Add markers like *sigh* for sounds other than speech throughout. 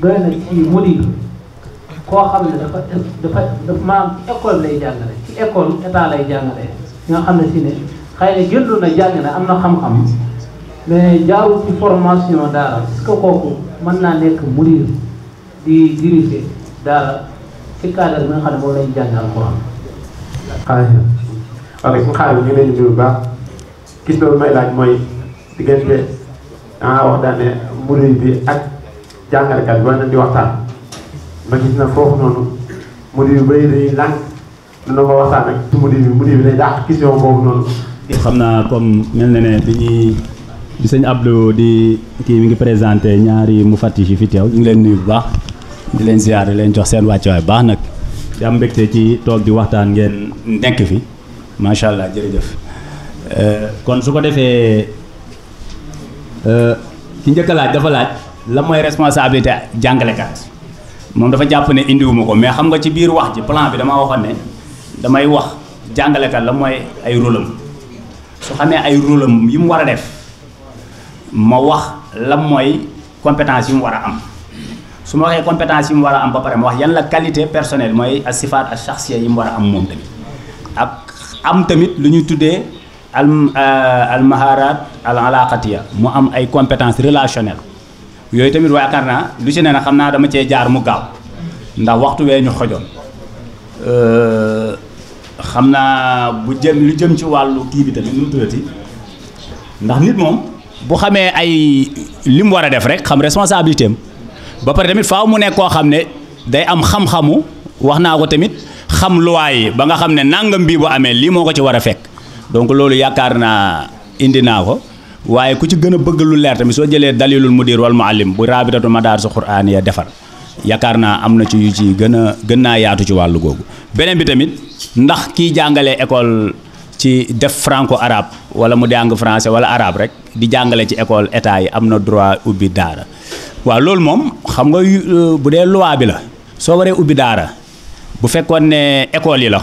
doy na ci koo xam ne dafa dafa dafa maam école lay jàngale ci école état lay jàngale nga xam ne si ne xëy na jëndu na jàng na am na xam-xam mais jaarul ci formation daara parce que kooku mën naa nekk murid di diriger daara ci cadre bi nga xam ne moom lañ jàngal alxuraan. xaaral waaleykum xaaral ñu ngi leen di nuyu bu baax gis loolu may laaj mooy diggante ah wax daan ne murid bi ak. jàngalekat bi nañ di waxtaan ma gis na foofu noonu mudir bi bëri dañuy lànk dina ko waxtaan ak ci mudir bi mudir bi day dàq question boobu xam naa comme mel na ne bi ñuy bi sëñ di kii mi ngi présenté ñaari mu fàtti yi fi teew ñu leen nuyu bu baax di leen ziar di leen jox seen wàccuwaay bu baax nag di am mbégte ci toog di waxtaan ngeen nekk fi macha allah jërëjëf euh, kon su ko defee euh, ki njëkk laaj dafa laaj. la mooy responsabilité jàngalekat moom dafa jàpp ne indiwuma ko mais xam nga ci biir wax ji plan bi damaa waxoon ne damay wax jàngalekat la mooy ay rôlam su xamee ay rôlam yi mu war a def ma wax la mooy compétence yi mu war a am su ma waxee compétence yi mu war a am ba pare ma wax yan la qualité personnelle mooy ak sifaat ak shaxsiya yi mu war a am moom tamit ak am tamit lu ñu tuddee al euh, al maharat al alaqatiya mu am ay compétence relationnelle yooyu tamit waakaar naa lu ci nee na xam naa dama cee jaar mu gaaw ndax waxtu wee ñu xojoon xam naa bu jëm lu jëm ci wàllu kii bi tamit nu tuddati ndax nit moom bu xamee ay li mu war a def rek xam responsabilité am ba pare tamit faw mu nekk koo xam ne day am xam-xamu wax naa ko tamit xam luwaay yi ba nga xam ne nangam bii bu amee lii moo ko ci war a fekk donc loolu yaakaar naa indi naa ko waaye ku ci gën a bëgg lu leer tamit soo jëlee dalilul mudir wal muallim bu raabitatu madaarisul quraaniya defar yaakaar naa am na ci yu ci gën a gën naa yaatu ci wàllu googu beneen bi tamit ndax kiy jàngalee école ci def franco arabe wala mu jàng français wala arabe rek di jàngale ci école état yi am na droit ubbi daara waaw loolu moom xam nga euh, bu dee loi bi la soo waree ubbi daara bu fekkoon ne école yi la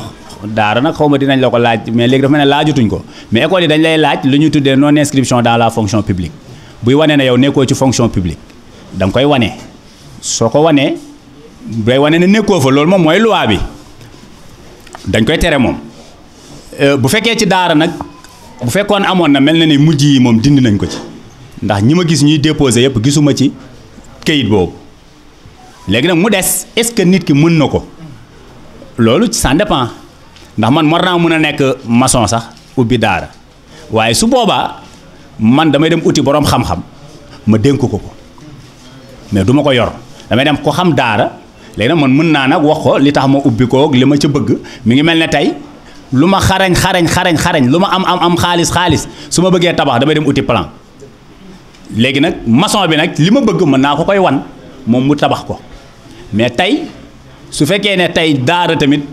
daara nag xaw ma dinañ la ko laaj mais léegi dafa mel ne laajutuñ ko mais école yi dañ lay laaj lu ñu tuddee non inscription dans la fonction publique buy wane na yow nekkoo ci fonction publique da nga koy wane soo ko wanee day wane ne nekkoo fa loolu moom mooy loi bi dañ koy tere moom euh, bu fekkee ci daara nag bu fekkoon amoon na mel na ni mujj yi moom dindi nañ ko ci ndax ñi ma gis ñuy déposé yëpp gisuma ci kayit boobu léegi nag mu des est-ce que nit ki mën na ko ndax man war naa mën a nekk maçon sax ubbi daara waaye su boobaa man damay dem uti boroom xam-xam ma dénk ko ko mais duma ko yor damay dem ko xam daara léegi nag man mën naa nag wax ko li tax ma ubbi li ma ca bëgg mi ngi mel ne tey lu ma xarañ xarañ xarañ xarañ lu ma am am am xaalis xaalis su ma bëggee tabax damay dem uti plan léegi nag maçon bi nag li ma bëgg mën naa ko koy wan moom mu tabax ko mais tey su fekkee ne tey daara tamit.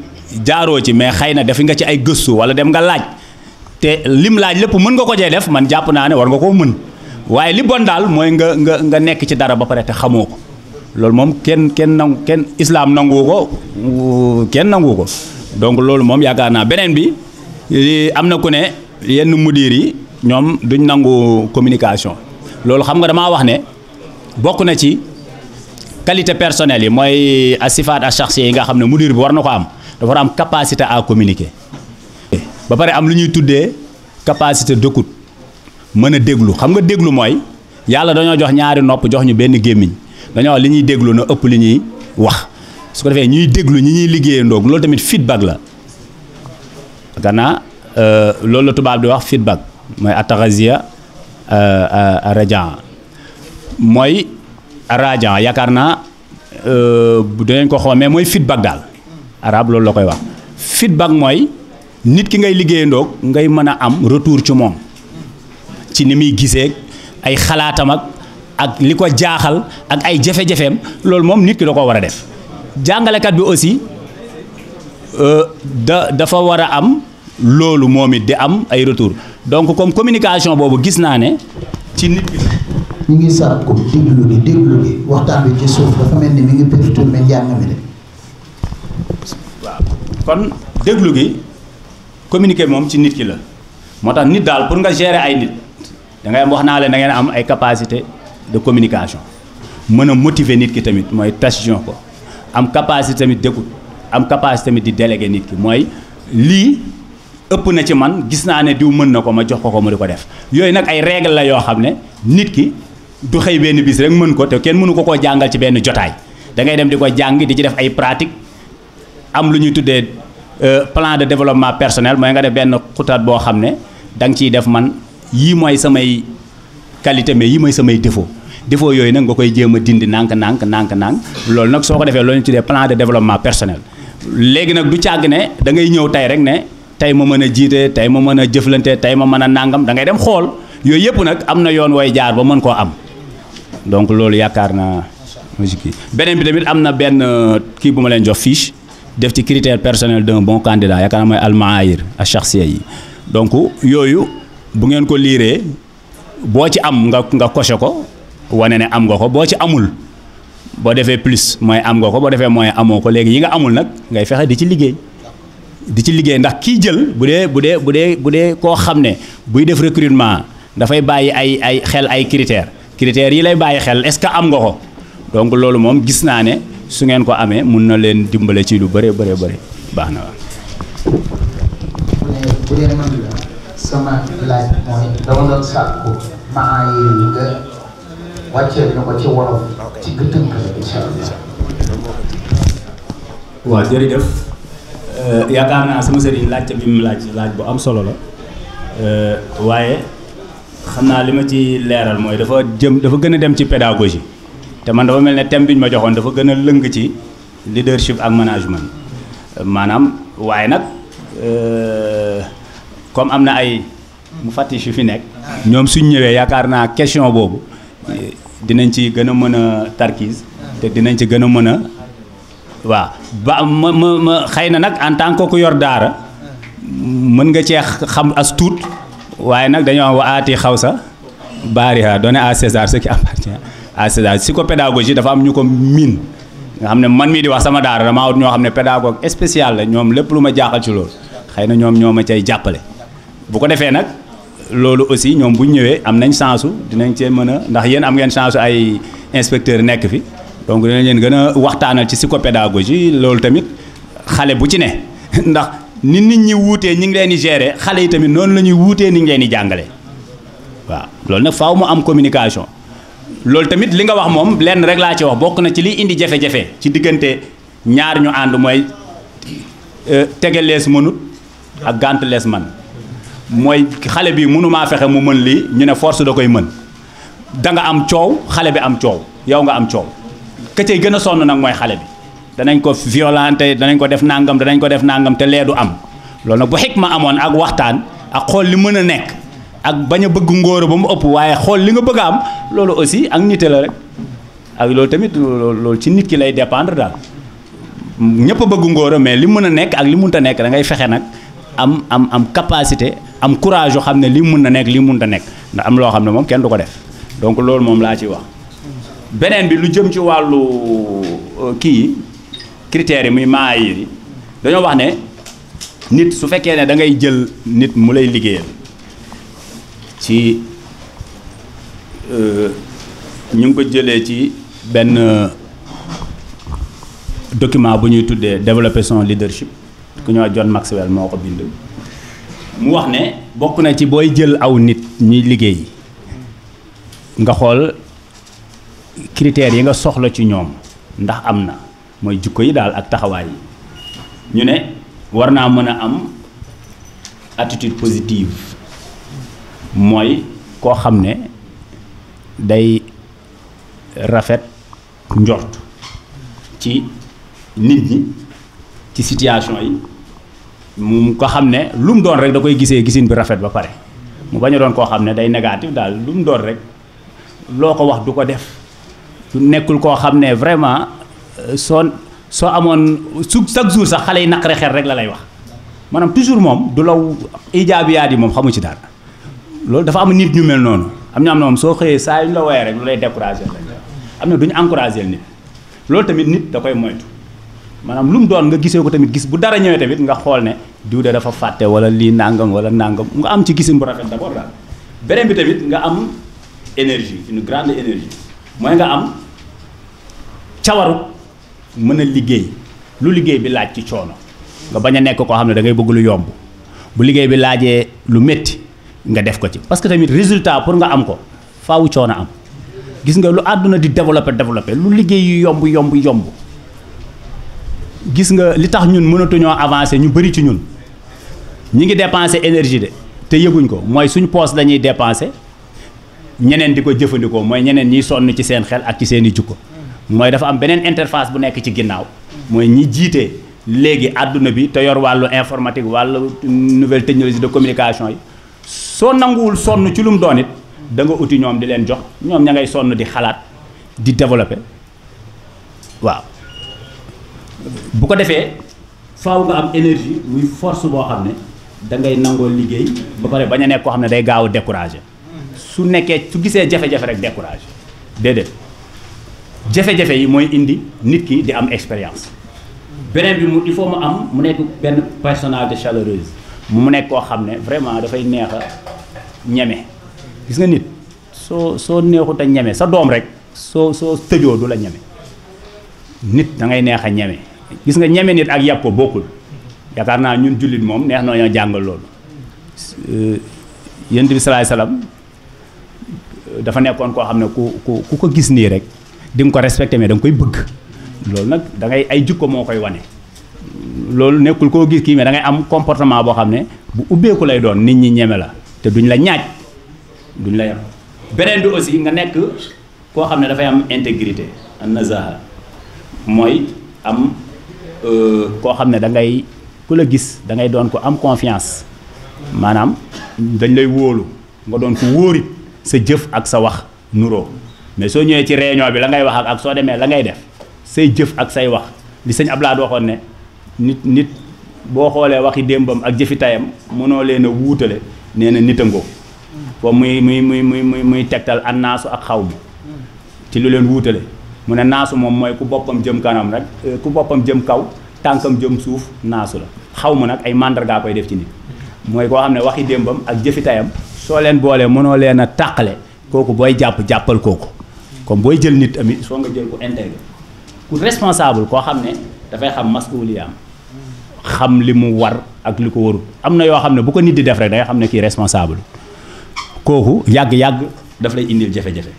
jaaroo ci mais xëy na defi nga ci ay gëstu wala dem nga laaj te lim laaj lépp mën nga ko cee def man jàpp naa ne war nga koo mën waaye li bon daal mooy nga nga nga nekk ci dara ba pare te xamoo ko loolu moom kenn kenn nangu kenn islaam nangu ko kenn nangu ko donc loolu moom yaakaar naa beneen bi eh, am na ku ne yenn mudiir yi ñoom duñ nangu communication loolu xam nga damaa wax ne bokk na ci qualité personnelle yi mooy asifaat a shaxsi yi nga xam ne mudiir bi war na ko am dafa war am capacité à communiquer. ba pare am lu ñuy tuddee capacité d'écoute mën a déglu xam nga déglu mooy yàlla dañoo jox ñaari nopp jox ñu benn gémmiñ dañoo li ñuy déglu na ëpp li ñuy wax su ko defee ñuy déglu ñi ñuy liggéeyee ndoog loolu tamit feedback la gannaaw euh, loolu la tubaab di wax feedback mooy ataxasia euh, rajan mooy rajan yaakaar naa euh, dinañ ko xaw mais mooy feedback daal. arabe loolu la koy wax feedback mooy nit ki ngay liggéeyandoog ngay mën a am retour ci moom ci ni muy gisee ay xalaatam ak li ko jaaxal ak ay jafe-jafeem loolu moom nit ki da ko war a def jàngalekat bi aussi euh, da dafa war a am loolu moom it di am ay retour donc comme communication boobu gis naa ne ci nit mu ñu ngi sàkku déglu gi déglu gi waxtaan bi ci suuf dafa mel ni mi ngi perturbé njàng mi de waaw kon déglu gi communiquer moom ci nit ki la moo tax nit daal pour nga gérer ay nit da wax naa leen da ngeen am ay capacité de communication mën a motiver nit ki tamit mooy tassion ko am capacité tamit d'écoute am capacité tamit di déléguer nit ki mooy lii ëpp na ci man gis naa ne diw mën na ko ma jox ko ko mu di ko def yooyu nag ay règle la yoo xam ne nit ki du xëy benn bis rek mën ko te kenn mënu ko koo jàngal ci benn jotaay da dem di ko jàng di am lu ñuy tuddee euh, plan de développement personnel mooy nga def benn xutaat boo xam ne da nga ciy def man yii mooy samay qualité mais yii mooy samay défaut défaut yooyu nag nga koy jéem a dindi nànk nànk nànk nànk loolu nag soo ko defee loolu ñu tuddee plan de développement personnel léegi nag du càgg ne da ngay ñëw tey rek ne tey ma mën a jiite tey ma mën a jëflante tey ma mën a nàngam da ngay dem xool yooyu yëpp nag am na yoon wooy jaar ba mën koo am donc loolu yaakaar bi tamit am na benn euh, kii bu ma leen jox fiche def ci critère personnel d'un bon candidat yaakaar naa mooy almaayir ak shaxsiya yi donc yooyu bu ngeen ko liiree boo ci am nga nga coché ko wane ne am nga ko boo ci amul boo defee plus mooy am nga ko boo defee mooy amoo ko léegi yi nga amul nag ngay fexe di ci liggéey di ci liggéey ndax kii jël bu dee bu dee bu dee bu dee koo xam ne buy def recrutement dafay bàyyi ay ay xel ay critères critères yi lay bàyyi xel est-ce que am nga ko donc loolu moom gis naa ne. su ngeen ko amee mun na leen dimbale ci lu bëree bëri bëri baax na la sama laaj nga ko ci wolof ci gëtëm la incha allah. waaw jërëjëf euh, yaakaar naa sama sëriñ laajte bi mu laaj laaj bu am solo la euh, waaye xam naa li ma ci leeral mooy dafa jëm dafa gën a dem ci pédagogie. te man dafa mel ne thème bi ñu ma joxoon dafa gën a lëng ci leadership ak management maanaam waaye nag euh, comme am na ay mu fàtte si fi nekk ñoom suñ ñëwee yaakaar naa question boobu euh, dinañ ci gën a mën a tarkiis te dinañ ci gën a mën a waaw ba ma ma ma xëy na nag en tant que ku yor daara mën nga cee xam as tuut waaye nag dañoo am waati xaw sa baariha donné à César ce qui appartient à ah, a âge psychopédagogie dafa am ñu ko miin nga xam ne man mii di wax sama daara damaa wut ñoo xam ne pédagogue spécial la ñoom lépp lu ma jaaxal ci loolu xëy na ñoom ñoo ma cay jàppale bu ko defee nag loolu aussi ñoom buñ ñëwee am nañ chance dinañ cee mën a ndax yéen am ngeen chance ay inspecteur nekk fi donc dinañ leen gën a waxtaanal ci psychopédagogie loolu tamit xale bu ci ne *laughs* ndax ni nit ñi wuutee ñi ngi leen di gérer xale yi tamit noonu la ñuy wuutee ni ngi di jàngale waaw loolu nag mu am communication loolu tamit li nga wax moom lenn rek laa ci wax bokk na ci liy indi jafe-jafe ci diggante ñaar ñu ànd mooy euh, tegelees mënut ak gànt lees man mooy xale bi mënumaa fexe mu mën li ñu ne force da koy mën danga am coow xale bi am coow yow nga am coow ka cay gën a sonn nag mooy xale bi danañ ko violenté danañ ko def nangam danañ ko def nangam te lee du am loolu nag bu xikma amoon ak waxtaan ak xool li mën a nekk ak bañ a bëgg ngóor ba mu ëpp waaye xool li nga bëgg a am loolu aussi ak nite la rek ak loolu tamit loolu ci nit ki lay dépendre daal ñëpp a bëgg ngóor mais li mën a nekk ak li mënta nekk da ngay fexe nag am am am capacité am courage yoo xam ne li mën na nekk li mënta nekk ndax am loo xam ne moom kenn du ko def donc loolu moom laa ci wax beneen bi lu jëm ci wàllu euh, kii critères yi muy maa yi dañoo wax ne nit su fekkee ne da ngay jël nit mu lay liggéeyal. ci euh, ñu ngi ko jëlee ci benn euh, document bu ñuy tuddee développer son leadership ku ñoo John Maxwell moo ko bind mu wax ne bokk na ci booy jël aw nit ñuy liggéey nga xool critères yi nga soxla ci ñoom ndax am na mooy jukko yi daal ak taxawaay yi ñu ne war naa mën a am attitude positive mooy koo xam ne day rafet njort ci nit ñi ci situation yi mu ko xam ne lu mu doon rek da koy gisee gisin bi rafet ba pare mu bañ a doon koo xam ne day négatif daal lu mu doon rek loo ko wax du ko def nekkul koo xam ne vraiment euh, soo soo amoon su chaque jour sax xale yi naqare xel rek la lay wax maanaam toujours moom du law ijaabiyaat yi moom xamu ci daal loolu dafa am nit ñu mel noonu am na am moom soo xëyee saa yu ñu la woowee rek lu lay découragé rek am na du ñu encouragé nit loolu tamit nit da koy moytu maanaam lu mu doon nga gisee ko tamit gis bu dara ñëwee tamit nga xool ne diw de dafa fàtte wala lii nàngam wala nàngam nga am ci gisin bu rafet d'abord daal beneen bi tamit nga am énergie une grande énergie mooy nga am cawaru mën a liggéey lu liggéey bi laaj ci coono nga bañ a nekk koo xam ne da ngay bëgg yomb bu liggéey bi laajee lu métti nga def ko ci parce que tamit résultat pour nga am ko faw faawu a am gis nga lu àdduna di développé développé lu liggéey yu yomb yomb yomb gis nga li tax ñun mënatuñoo avancer ñu bëri ci ñun ñi ngi dépenser énergie de te yëguñ ko mooy suñ poos la ñuy ñeneen di ko jëfandikoo mooy ñeneen ñiy sonn ci seen xel ak ci seen i jukko mooy dafa am beneen interface bu nekk ci ginnaaw mooy ñi jiite léegi àdduna bi te yor wàllu informatique wàllu nouvelle technologie de communication yi soo nanguwul sonn ci lu mu doon it danga uti ñoom di leen jox ñoom ña ngay sonn di xalaat di développer waaw bu ko defee faw nga am énergie muy force boo xam ne da ngay nangoo liggéey ba pare bañ a nekk koo xam ne day gaaw a découragé su nekkee su gisee jafe-jafe rek découragé déedéet jafe-jafe yi mooy indi nit ki di am expérience beneen bi mu il faut mu am mu nekk benn personnalité chaleureuse mu mu nekk koo xam ne vraiment dafay neex a ñeme gis nga nit soo soo neexut a ñeme sa doom rek soo soo tëjoo du la ñeme nit dangay neex a ñeme gis nga ñeme nit ak yàpp ko bokkul yaakaar naa ñun jullit moom neex na ñoo jàngal loolu yonent bi salaay salaam dafa nekkoon koo xam ne ku ku ku ko gis nii rek di ko respecté mais da koy bëgg loolu nag dangay ay jikko moo koy wane loolu nekkul koo gis kii mais da ngay am comportement boo xam ne bu ubbeeku lay doon nit ñi ñeme la te duñu la ñaaj duñ la yem beneen bi aussi nga nekk koo xam ne dafay am intégrité an nazaha mooy am euh, koo xam ne da ngay ku la gis da ngay doon ko am confiance maanaam dañ lay wóolu nga doon ko wóorit sa jëf ak sa wax nuroo mais soo ñëwee ci réunion bi la ngay wax ak ak soo demee la ngay def say jëf ak say wax li sëñ Abdoulaye waxoon ne nit nit boo xoolee waxi démbam ak jëfi tayam mënoo leen a wuutale nee na nit a ngoo foofu muy muy muy muy muy tegtal an naasu ak xaw bi ci lu leen wuutale mu ne naasu moom mooy ku boppam jëm kanam rek euh, ku boppam jëm kaw tànkam jëm suuf naasu la xaw ma nag ay mandargaa koy def ci nit mooy koo xam ne waxi démbam ak jëfi tayam soo leen boolee mënoo leen a tàqale kooku booy jàpp jàppal kooku comme booy jël nit amit soo nga jël ku intégré ku responsable koo xam ne dafay xam mas'uliyaam xam li mu war ak li ko warul am na yoo xam ne bu ko nit di def rek day xam ne kii responsable kooku yàgg-yàgg daf lay indil jafe-jafe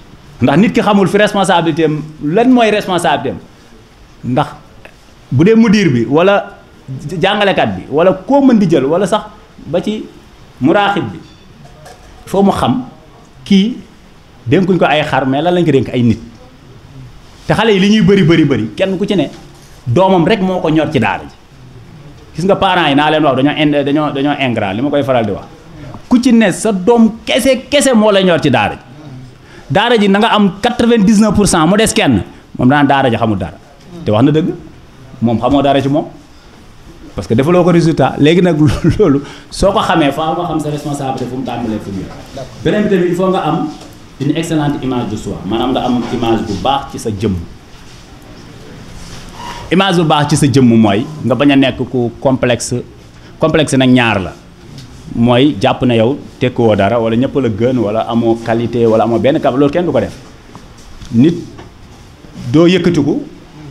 ndax nit ki xamul fi responsabilité am lan mooy responsabilité am ndax bu dee mudir bi wala jàngalekat bi wala koo mën di jël wala sax ba ci muraaxib bi foo mu xam kii dénkuñ ko ay xar mais la lañ ko dénk ay nit te xale yi li ñuy bëri bëri bari kenn ku ci ne doomam rek moo ko ñor ci daara ji gis nga parent yi naa leen wax dañoo ind dañoo dañoo ingrat li ma koy faral di wax ku ci ne sa doom kese kese moo la ñor ci daara ji daara ji na nga am 99 pour cent mu des kenn moom daan daara ji xamul dara te wax na dëgg moom xamoo daara ci moom parce que defaloo ko résultat léegi nag *laughs* loolu soo ko xamee faaw nga xam sa responsabilité fu mu tàmbalee fu mu yor beneen bi tamit il nga am une excellente image de soi maanaam nga am image bu baax ci sa jëm image bu baax ci sa jëmm mooy nga bañ a nekk ku complexe complexe nag ñaar la mooy jàpp na yow tekkiwoo dara wala ñëpp la gën wala amoo qualité wala amoo benn kab loolu kenn du ko def nit doo yëkkati ko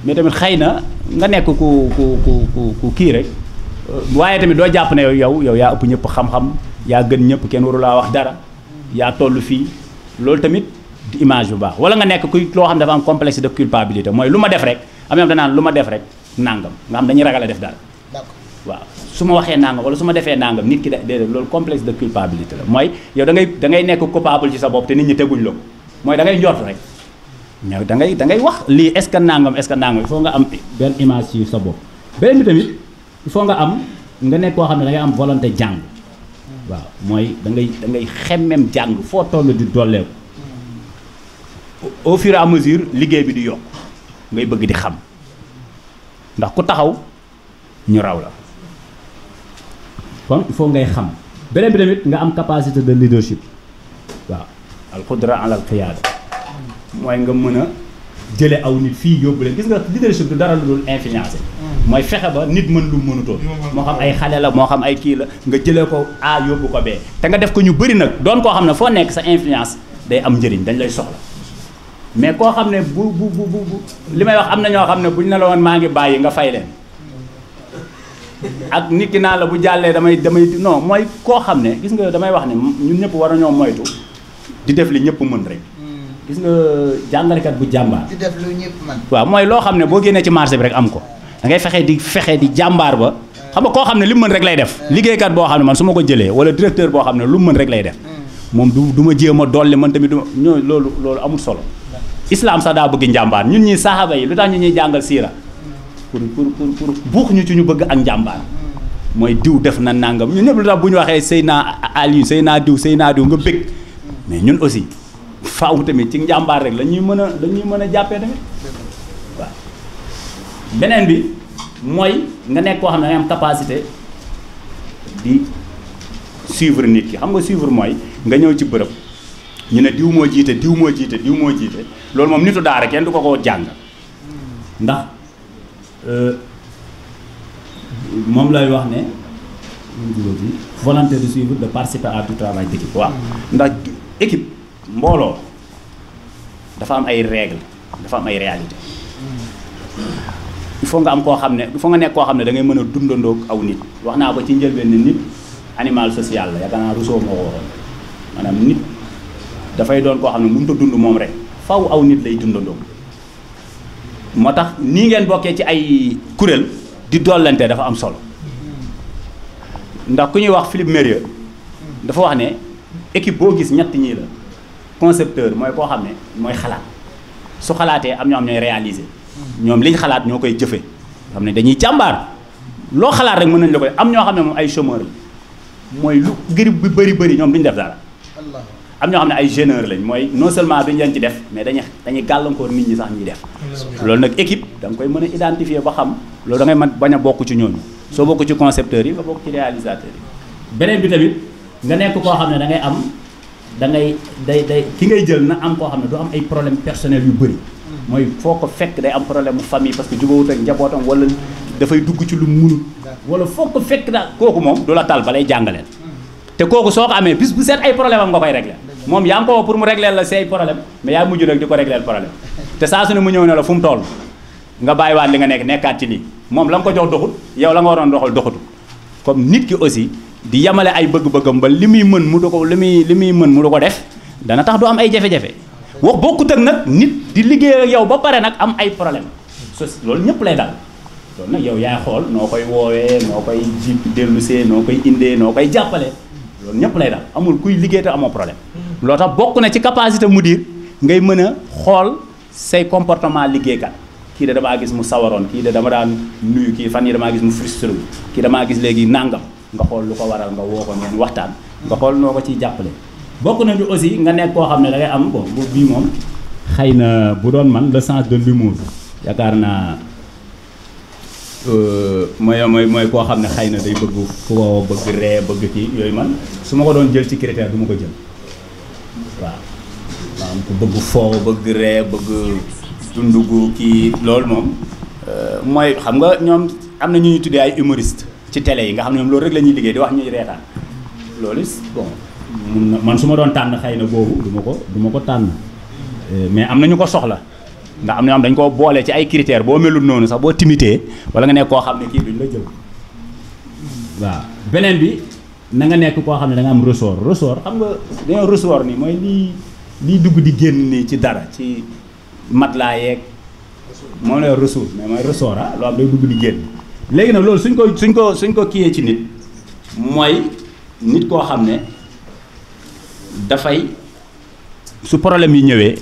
mais tamit xëy na nga nekk ku ku ku ku kii rek euh, waaye tamit doo jàpp ne yow yow yaa ëpp ñëpp xam-xam yaa gën ñëpp kenn waru laa wax dara yaa toll fii loolu tamit image bu baax wala nga nekk ku loo xam dafa am complexe de culpabilité mooy lu ma def rek. am danaan lu ma def rek nangam nga xam dañuy ragal a def daal. d'accord waaw su ma waxee nangam wala su ma defee nàngam nit ki da déedéet loolu complexe de culpabilité la mooy yow da ngay da nekk coupable ci sa bopp te nit ñi teguñ la mooy da ngay rek. ñëw da ngay da wax lii est-ce que nangam est-ce que nangam il nga am benn image ci sa bopp beneen bi tamit il faut nga am nga nekk koo xam ne da ngay am volonté jàng waaw mooy dangay dangay da ngay xemmem jàng foo toll di dolleeku au fur mesure liggéey bi di yokk. ngay bëgg di xam ndax ku taxaw ñu raw la kon il ngay xam beneen bi tamit nga am capacité de leadership waaw alxudra alal xiyaada mooy nga mën a jële aw nit fii yóbbu leen gis nga leadership du dara lu dul influencé mooy fexe ba nit mën lu mënutoon moo xam ay xale la moo xam ay kii la nga jëlee ko A yóbbu ko B te nga def ko ñu bari nag doon koo xam ne foo nekk sa influence day am njëriñ dañ lay soxla mais koo xam ne bu bu bu bu li may wax am na ñoo xam ne ñu ne la woon maa ngi bàyyi nga fay leen ak nit ki naa la bu jàllee damay damay non mooy koo xam ne gis nga damay wax ne ñun ñëpp war a ñoo moytu di def li ñëpp mën rek. Hmm. gis nga jàngalekat bu jàmbaar. di waaw mooy loo xam ne boo génnee ci marché bi rek am ko dangay ngay fexe di fexe di jàmbaar ba xam nga koo xam ne li mu mën rek lay def. Hmm. liggéeykat boo xam ne man su ma ko jëlee wala directeur boo xam ne lu mu mën rek lay def. Hmm. moom du ma jéem a dolli man tamit du ma loolu loolu amul solo. islam sax daa bëgg njàmbaar ñun ñii saxaaba yi lu tax ñu ñuy jàngal siira pour pour pour buux ñu ci ñu bëgg ak njàmbaar mooy diw def na nangam ñun ñëpp lu tax bu ñu waxee sëy naa Aliou sëy naa diw sëy naa diw nga bëgg mais ñun aussi faaw tamit ci njàmbaar rek la ñuy mën a la mën a jàppee tamit waaw beneen bi mooy nga nekk koo xam ne da am capacité di suivre nit ki xam nga suivre mooy nga ñëw ci bërëb. ñu ne diw moo jiite diw moo jiite diw moo jiite loolu moom nitu daara kenn du ko ko jàngal ndax euh, moom lay wax ne volonté de suivre de participer à tout travail d'équipe ndax équipe mbooloo dafa am ay règles dafa am ay réalité il faut nga am koo xam ne il faut nga nekk koo xam ne da ngay mën a dundandoog aw nit wax naa ko ci njëlbeen ne nit animal social la yaakaar naa Rousseau moo ko nit dafay doon koo xam ne mënut a dund moom rek faw aw nit lay dundandoo moo tax nii ngeen bokkee ci ay kuréel di dollante dafa am solo ndax ku ñuy wax Philippe Mérieux dafa wax ne équipe boo gis ñett ñii la concepteur mooy koo xam ne mooy xalaat su xalaatee am ñoo xam ñooy réaliser ñoom liñ xalaat ñoo koy jëfe xam ne dañuy jàmbaar loo xalaat rek mën nañ la koy am ñoo xam ne moom ay chômeur mooy lu gërib bi bëri bëri ñoom duñ def dara am ñoo xam ne ay gêneur lañ mooy non seulement duñ leen ci def mais dañuy dañuy gàllankoor nit ñi sax ñuy def loolu nag équipe da nga koy mën a identifier ba xam loolu da man mën bañ a bokk ci ñooñu soo bokk ci concepteurs yi nga bokk ci réalisateurs yi beneen bi tamit nga nekk koo xam ne da ngay am da ngay day day ki ngay jël na am koo xam ne du am ay problème personnel yu bëri mooy foo ko fekk day am problème mu famille parce que jubawut ak njabootam wala dafay dugg ci lu munut wala foo ko fekk daal kooku moom du la ba lay jàngaleel te kooku soo ko amee bis bu seet ay problème am nga koy moom yaa ngi ko woo pour mu régler la say problème mais yaa mujj nag di ko régler problème te saa su ne mu ñëw ne la fu mu toll nga bàyyiwaat li nga nekk nekkaat ci lii moom la nga ko jox doxut yow la nga waroon doxal doxutu comme nit ki aussi di yamale ay bëgg-bëggam ba li muy mën mu du ko li muy li muy mën mu du ko def dana tax du am ay jafe-jafe wax bokkut ak nag nit di liggéey ak yow ba pare nag am ay problème so loolu ñëpp lay dal loolu nag yow yaay xool noo koy woowee noo koy ji dellusee noo koy indee noo koy jàppale loolu ñëpp lay dal amul kuy liggéey te amoo problème loo tax bokk na ci capacité mudir ngay mën a xool say comportement liggéeykat kii de damaa gis mu sawaroon kii de dama daan nuyu kii fan yi damaa gis mu frustré kii damaa gis léegi nàngam nga xool lu ko waral nga woo ko ngeen waxtaan nga xool noo ko ciy jàppale bokk nañu aussi nga nekk koo xam ne da ngay am bon bu bii moom xëy na bu doon man le sens de l'humour yaakaar naa euh, mooy mooy mooy koo xam ne xëy na day bëgg ku bëgg ree bëgg kii yooyu man su ma ko doon jël ci critère du ma ko jël waaw maanaam ku bëgg foo bëgg ree bëgg dund kii loolu moom euh, mooy xam nga ñoom am na ñu ñuy tuddee ay humoriste ci télé yi nga xam ne ñoom loolu rek la ñuy liggéey di wax ñuy reetaan loolu bon mun man su ma doon tànn xëy na boobu duma ko duma ko tànn euh, mais am na ñu ko soxla ndax am na am dañ koo boole ci ay critères boo melul noonu sax boo timitee wala nga nekk koo xam ne kii duñ la jël waaw beneen bi na nga nekk koo xam ne da am ressort ressort xam nga dañoo ressort ni mooy lii lii dugg di génn nii ci dara ci mat laa yeeg moom la ressort mais mooy ressort ah loo am day dugg di génn léegi nag loolu suñ ko suñ ko suñ ko kiyee ci nit mooy nit koo xam ne dafay su problème yi ñëwee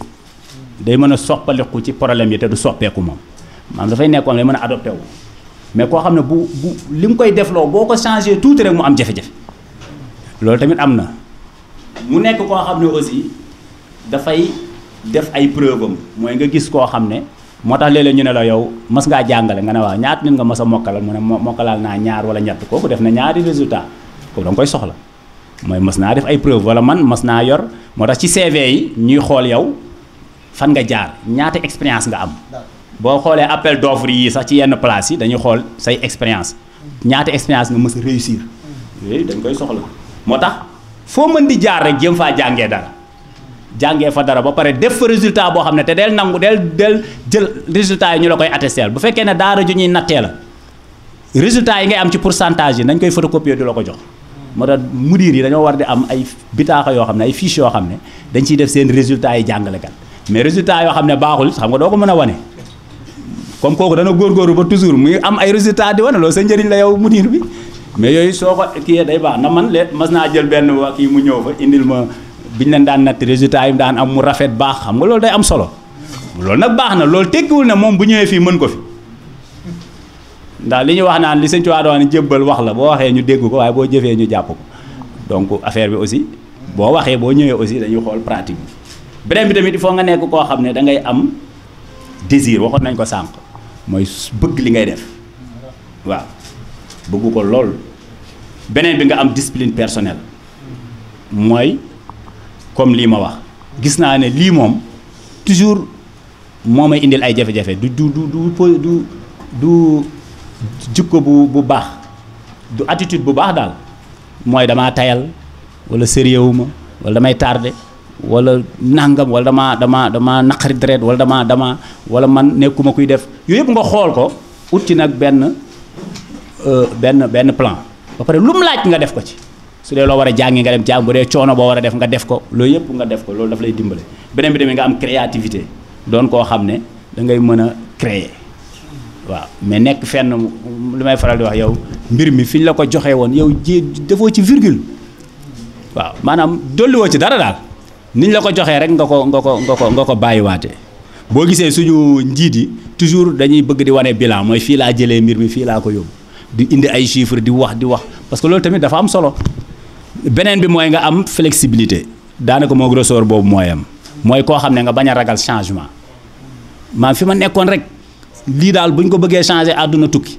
day mën a soppaliku ci problème yi te du soppeeku moom maanaam dafay nekkoon day mën a adopté wu mais koo xam ne bu bu li mu koy defloo boo ko changé tuuti rek mu am jafe loolu tamit am na mu nekk koo xam ne aussi dafay def ay preuve mooy nga gis koo xam ne moo tax léeg lee ñu ne la yow mas ngaa jàngale nga ne waaw ñaat nit nga mas a mokkalal mu ne mokkalaal naa ñaar wala ñett kooku def na ñaari résultat kooku da koy soxla mooy mas naa def ay preuve wala man mas naa yor moo tax ci CV yi ñuy xool yow fan nga jaar ñaata expérience nga am boo xoolee appel d'offre yii sax ci yenn place yi dañu xool say expérience ñaata expérience nga mës a réussir moo tax foo mën di jaar rek jëm faa jàngee dara jàngee fa dara ba pare def fa résultat boo xam ne te del nangu del del jël résultat yi ñu la koy attesté bu fekkee ne daara ju ñuy nattee la résultat yi ngay am ci pourcentage yi nañ koy photocopier du la ko jox. moo tax mudir yi dañoo war di am ay bitaaxa yoo xam ne ay fiches yoo xam ne dañ ciy def seen résultat yi jàngalekat mais résultat yoo xam ne baaxul xam nga doo ko mën a wane. comme kooku dana mais yooyu soo ko kii day baax na man lee mas naa jël benn waa kii mu ñëw fa indil ma bi leen daan natt résultat yi mu daan am mu rafet baax xam nga loolu day am solo loolu nag baax na loolu tekkiwul ne moom bu ñëwee fii mën ko fi ndax li ñu wax naa li sëñ Tuubaa doon jébbal wax la boo waxee ñu dégg ko waaye boo jëfee ñu jàpp ko donc affaire bi aussi boo waxee boo ñëwee aussi dañuy xool pratique bi beneen bi tamit il foo nga nekk koo xam ne da am désir waxoon nañ ko sànq mooy bëgg li ngay def bëgg ko lool beneen bi nga am discipline personnelle mooy comme lii ma wax gis naa ne lii moom toujours moo may indil ay jafe-jafe du du du du du du jikko bu bu baax du attitude bu baax daal mooy damaa tayal wala sérieux ma wala damay tardé wala nangam wala damaa dama damaa naqari deret wala damaa damaa wala man nekkuma kuy def yooyu yëpp nga xool ko ut ci nag benn. Euh, benn benn plan ba pare lu mu laaj nga def ko ci su dee loo war a jàngi nga dem jàng bu dee coono boo war a def nga def ko loolu yëpp nga def ko loolu daf lay dimbale beneen bi demee nga am créativité doon koo xam ne dangay mën a créer waaw mais nekk fenn li may faral di wax yow mbir mi fi ñu la ko joxee woon yow jé defoo ci virgule waaw maanaam woo ci dara daal ni la ko joxee rek nga ko nga ko nga ko nga ko bàyyiwaatee boo gisee suñu njiit yi toujours dañuy bëgg di wane bilan mooy fii laa jëlee mbir mi fii laa ko yóbbu di indi ay chiffres di wax di wax parce que loolu tamit dafa am solo beneen bi mooy nga am flexibilité daanaka moo ressort boobu mooy am mooy koo xam ne nga bañ a ragal changement maam fi ma nekkoon rek lii daal bu ñu ko bëggee changer àdduna tukki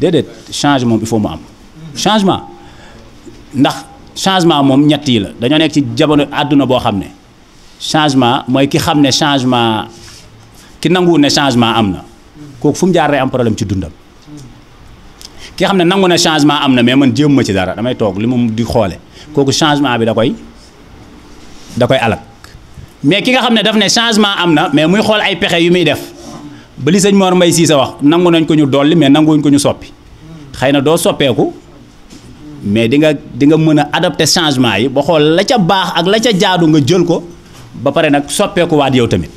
déedéet changement il faut mu am changement ndax changement moom ñett yi la dañoo nekk ci jamono àdduna boo xam ne changement mooy ki xam ne changement ki nanguwul ne changement am na kooku fu mu jaar am problème ci dundam. ki xam ne nangu na changement am na mais man jéem ci dara damay toog li ma mu di xoole kooku changement bi da koy da koy alal mais ki nga xam ne daf ne changement am na mais muy xool ay pexe yu muy def ba sañ sëñ may Mbaye sii sa wax nangu nañ ko ñu dolli mais nanguñ ko ñu soppi xëy na doo soppeeku mais di nga di nga mën a adopté changement yi ba xool la ca baax ak la ca jaadu nga jël ko ba pare nag soppeeku waat yow tamit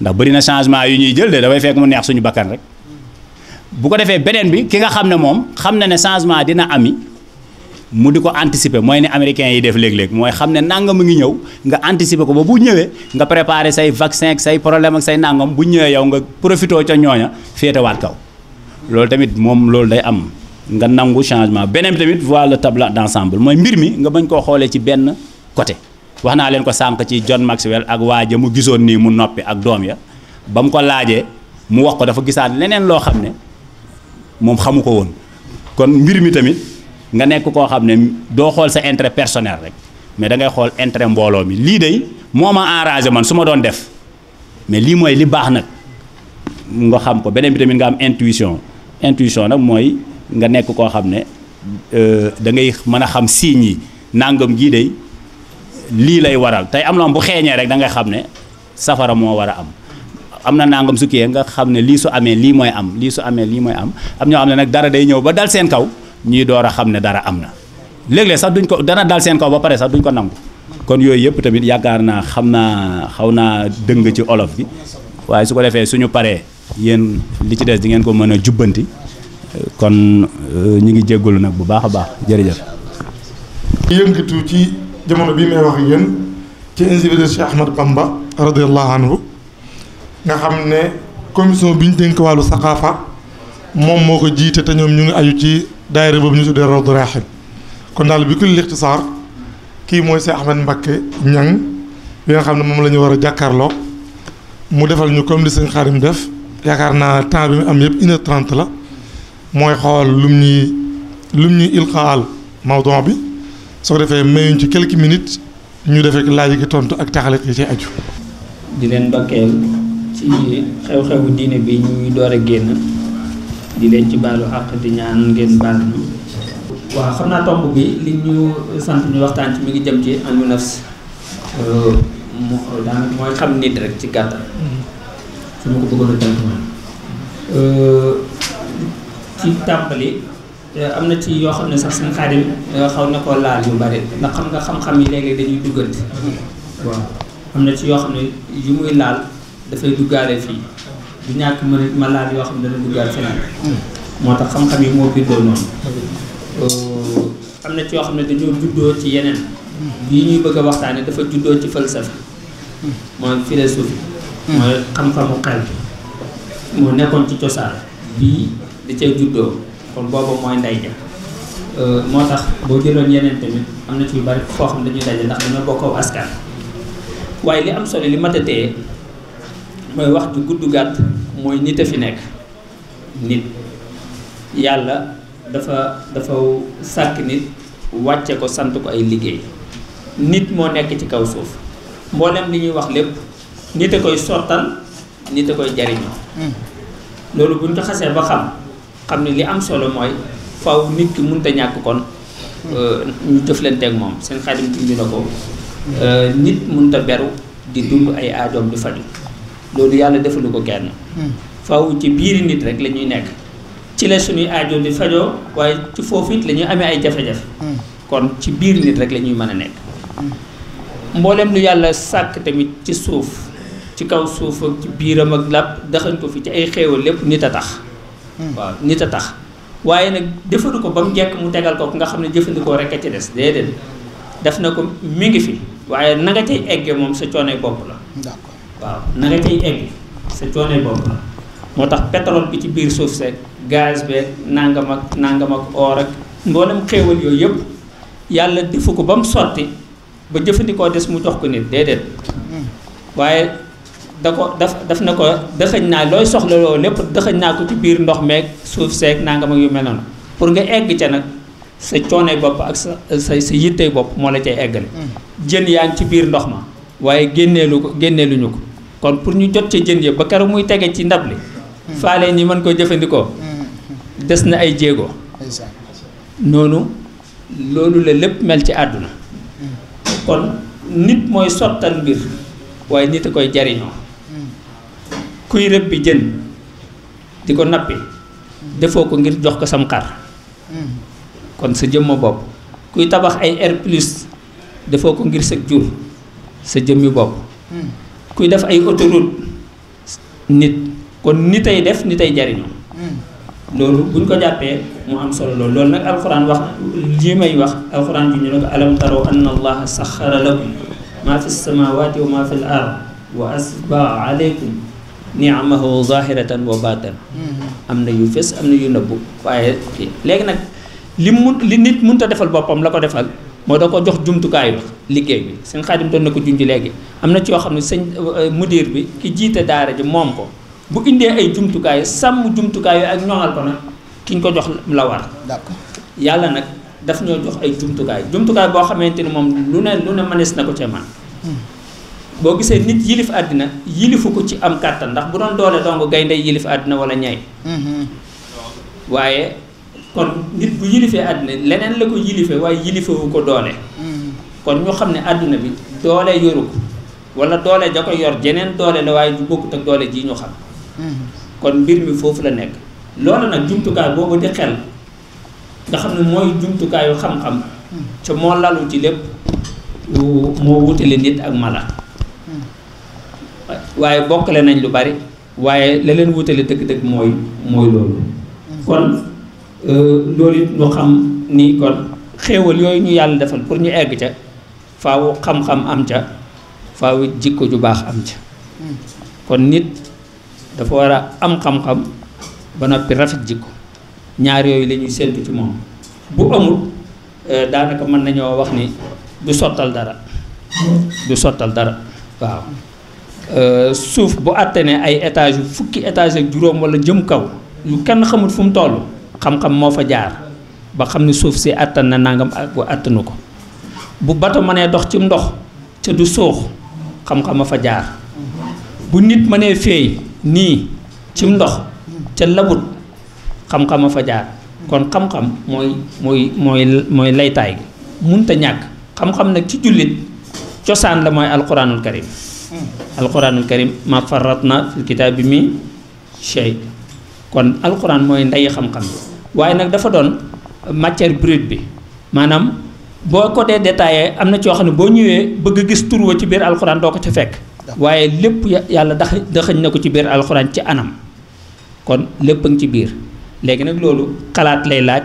ndax bëri na changement yu ñuy jël de dafay fekk mu neex suñu bakkan rek. bu ko defee beneen bi ki nga xam ne moom xam na ne changement dina ami mu di ko anticiper mooy ne américains yi def léeg-léeg mooy xam ne nangam mu ngi ñëw nga anticiper ko ba bu ñëwee nga préparer say vaccin ak say problème ak say nangam bu ñëwee yow nga profité ca ñooña féetewaat kaw loolu tamit moom loolu day am nga nangu changement beneen tamit voir le tableau d'ensemble mooy mbir mi nga bañ koo xoolee ci benn côté wax naa leen ko sànq ci John Maxwell ak waa ja mu gisoon nii mu noppi doom ya ba mu ko laajee mu wax ko dafa gisaat leneen loo xam ne moom xamu ko woon kon mbir mi tamit nga nekk koo xam ne doo xool sa intérêt personnel rek mais da ngay xool intérêt mbooloo mi lii day moo ma enragé man su ma doon def mais lii mooy li baax nag nga xam ko beneen bi tamit nga am intuition intuition nag mooy nga nekk koo xam ne euh, da ngay mën a xam signes yi nangam gii day lii lay waral tey am na bu xeeñee rek da ngay xam ne safara moo war a am am na nangam su kiyee nga xam ne lii su amee lii mooy am lii su amee lii mooy am am ñoo xam ne nag dara day ñëw ba dal seen kaw ñuy door a xam ne dara am na léeg-léeg sax duñ ko dana dal seen kaw ba pare sax duñ ko nangu kon yooyu yëpp tamit yaakaar naa xam naa xaw naa dëng ci olof bi waaye su ko defee suñu paree yéen li ci des di ngeen ko mën a jubbanti kon euh, ñu ngi jéggalu nag bu baax a baax jërëjëf. yëngatu ci jamono bii may wax ak ci invité nga xam ne commission bi ñu dénk wàllu saxaafa moom moo ko jiite te ñoom ñu ngi aju ci daayira boobu ñu tuddee Rawdu Raaxin kon daal bi ku lixtisaar kii mooy Cheikh Ahmed Mbacké Niang bi nga xam ne moom la ñu war a jàkkaarloo mu defal ñu comme li sëñ Xaadim def yaakaar naa temps bi mu am yëpp une la mooy xool lum ñuy lum ñuy ilqaal mawdon bi soo defee mayuñ ci quelques minutes ñu defee laaj gi tontu ak taxale yi ci aju. di leen ndokkeel. ci xew-xewu diine bi ñuy door a génn di leen ci baalu àq di ñaan ngeen baal ñu. waaw xam naa tomb bi li ñu sant ñu waxtaan ci mi ngi jëm ci andu euh, mu daanaka mooy xam nit rek ci gàttal. Mm-hmm. ko bëggoon a euh, tënk euh, am na ci yoo xam ne sax seen xaadim xaw na laal yu bari ndax xam nga xam-xam yi léegi dañuy duggante. Mm-hmm. waaw am na ci yoo xam ne yu muy laal. dafay duggaale fii du ñàkk mën malade yoo xam ne dana duggaale feneen moo tax xam-xam yi moo bindoo noonu euh, am na ci yoo xam ne dañoo juddoo ci yeneen bi ñuy bëgg a waxtaane dafa juddoo ci falsafa mooy philosophie mooy xam-xamu xel moo nekkoon ci cosaan bii da cay juddoo kon booba mooy ndey ja euh, moo tax boo jëloon yeneen tamit am na ci yu bari foo xam dañuy daje ndax dañoo bokkoo askan waaye li am solo li mat mooy wax ju gudd gàtt mooy nit a fi nekk nit yàlla dafa dafa sàkk nit wàcce ko sant ko ay liggéey nit moo nekk ci kaw suuf mboolem li ñuy wax lépp nit a koy sottal nit a koy jariñoo hmm. loolu bu ñu xasee ba xam xam ne li am solo mooy faw nit ki mënta ñàkk kon hmm. euh, ñu jëflanteeg moom seen xadim tudd na ko euh, nit ta beru di dund ay aajoom di faju loolu yàlla defalu ko kenn hmm. faw ci biiri nit rek la ñuy nekk ci la suñuy aajo di fajoo waaye ci foofu it la amee ay jafe-jafe hmm. kon ci biir nit rek lañuy ñuy mën a nekk hmm. mboolem lu yàlla sàkk tamit ci suuf ci kaw suuf ak ci biiram ak làpp daxañ ko fi ci ay xéewal lépp nit a tax waaw nit a tax waaye nag defalu ko ba mu njëkk mu tegal ko nga xam ne jëfandikoo rek a ci des déedéet def na ko mu ngi fi waaye na nga cay egge moom sa coonee bopp la waaw na nga ciy egg sa coonee bopp moo tax pétrole bi ci biir suuf seeg gaz beeg nangam ak nangam ak or ak mboolem xéewal yooyu yëpp yàlla difu ko ba mu sotti ba jëfandikoo des mu jox ko nit déedéet waaye da ko daf daf na ko dëxëñ naa looy soxla loolu lépp dëxëñ naa ko ci biir ndox meek suuf seeg nangam mag yu mel noonu pour nga egg ca nag sa coonee bopp ak sa sa sa yittey bopp moo la cay eggale mm. jën yaa ngi ci biir ndox ma waaye génneelu ko génneeluñu ko kon pour ñu jot ci jën ya ba keroog muy tege ci ndab li hmm. faale ñi mën koo jëfandikoo hmm. des na ay jéego noonu loolu la lépp mel ci àdduna hmm. kon nit mooy sottal mbir waaye nit a koy jariñoo kuy rëb jën di ko nappi defoo ko ngir jox ko sam xar kon sa jëmma bopp kuy tabax ay air plus defoo ko ngir sa jur sa jëmmi bopp kuy def ay autoroute nit kon nitay def nitay jariñu loolu buñ ko jàppee mu am solo loolu loolu nag alxuraan wax lii may wax alxuraan bi ñu ne ko alam taraw anna allaha saxara fi samawati wa maa fi ard wa asbaa aleykum am na yu fés am na yu nëbbu waaye léegi nag li mu li nit mënta defal boppam la ko defal moo da ko jox jumtukaayu liggéey bi sëñ xaadim doon na ko junj léegi am na ci yoo xam ne sëñ euh, euh, mudir bi ki jiite daara ji moom ko bu indee ay jumtukaay sàmm jumtukaay ak ñoŋal ko nag ki ñu ko jox la war. d'accord yàlla nag daf ñoo jox ay jumtukaay jumtukaay boo xamante ni moom lu ne lu ne mënees na ko cee man hmm. boo gisee nit yilif àddina yilifu ko ci am kàttan ndax bu doon doole dong gaynde yilif àddina wala ñay hmm, hmm. waaye kon nit bu yilifee àdduna leneen la ko yilife waaye yilifewu ko doole hmm. kon ñu xam ne àdduna bi doole yoru ko wala doole da ko yor jeneen doole la waaye du bokkut ak doole ji ñu xam hmm. kon mbir mi foofu la nekk loolu nag jumtukaay boobu di xel nga xam ne mooy jumtukaayu xam-xam hmm. ca moo lalu ci lépp moo wutale nit ak mala waaye bokkale nañ lu bari waaye la leen wutale dëgg-dëgg mooy mooy loolu kon Euh, loolu lu xam ni kon xéewal yooyu ñu yàlla defal pour ñu egg ca faaw xam-xam am ca faaw jikko ju baax am ca kon nit dafa war a am xam-xam ba noppi rafet jikko ñaar yooyu lañuy ñuy ci moom bu amul euh, daanaka mën nañoo wax ni du sottal dara du sottal dara waaw euh, suuf bu àtte ay étage fukki étage ak juróom wala jëm kaw yu kenn xamul fu mu toll xam-xam moo fa jaar ba xam ni suuf si àttan na nangam ak àttanu ko bu bato mënee dox ci ndox ca du suux xam-xam a fa jaar bu nit mënee feey nii ci ndox ca labut xam fa jaar kon xam-xam mooy mooy mooy mooy laytaay gi munta ñàkk xam-xam nag ci jullit cosaan la mooy alquranul karim alquranul karim ma farat na fi kitaab bi mi chey kon alquran mooy ndeyi xam-xam waaye nag dafa doon matière brute bi maanaam boo ko dee détaillé am na ci yoo xam ne boo ñëwee bëgg gis tur ci biir alxuraan doo ko ca fekk. waaye lépp yàlla dax daxañ na ko ci biir alxuraan ci anam kon lépp a ngi ci biir léegi nag loolu xalaat lay laaj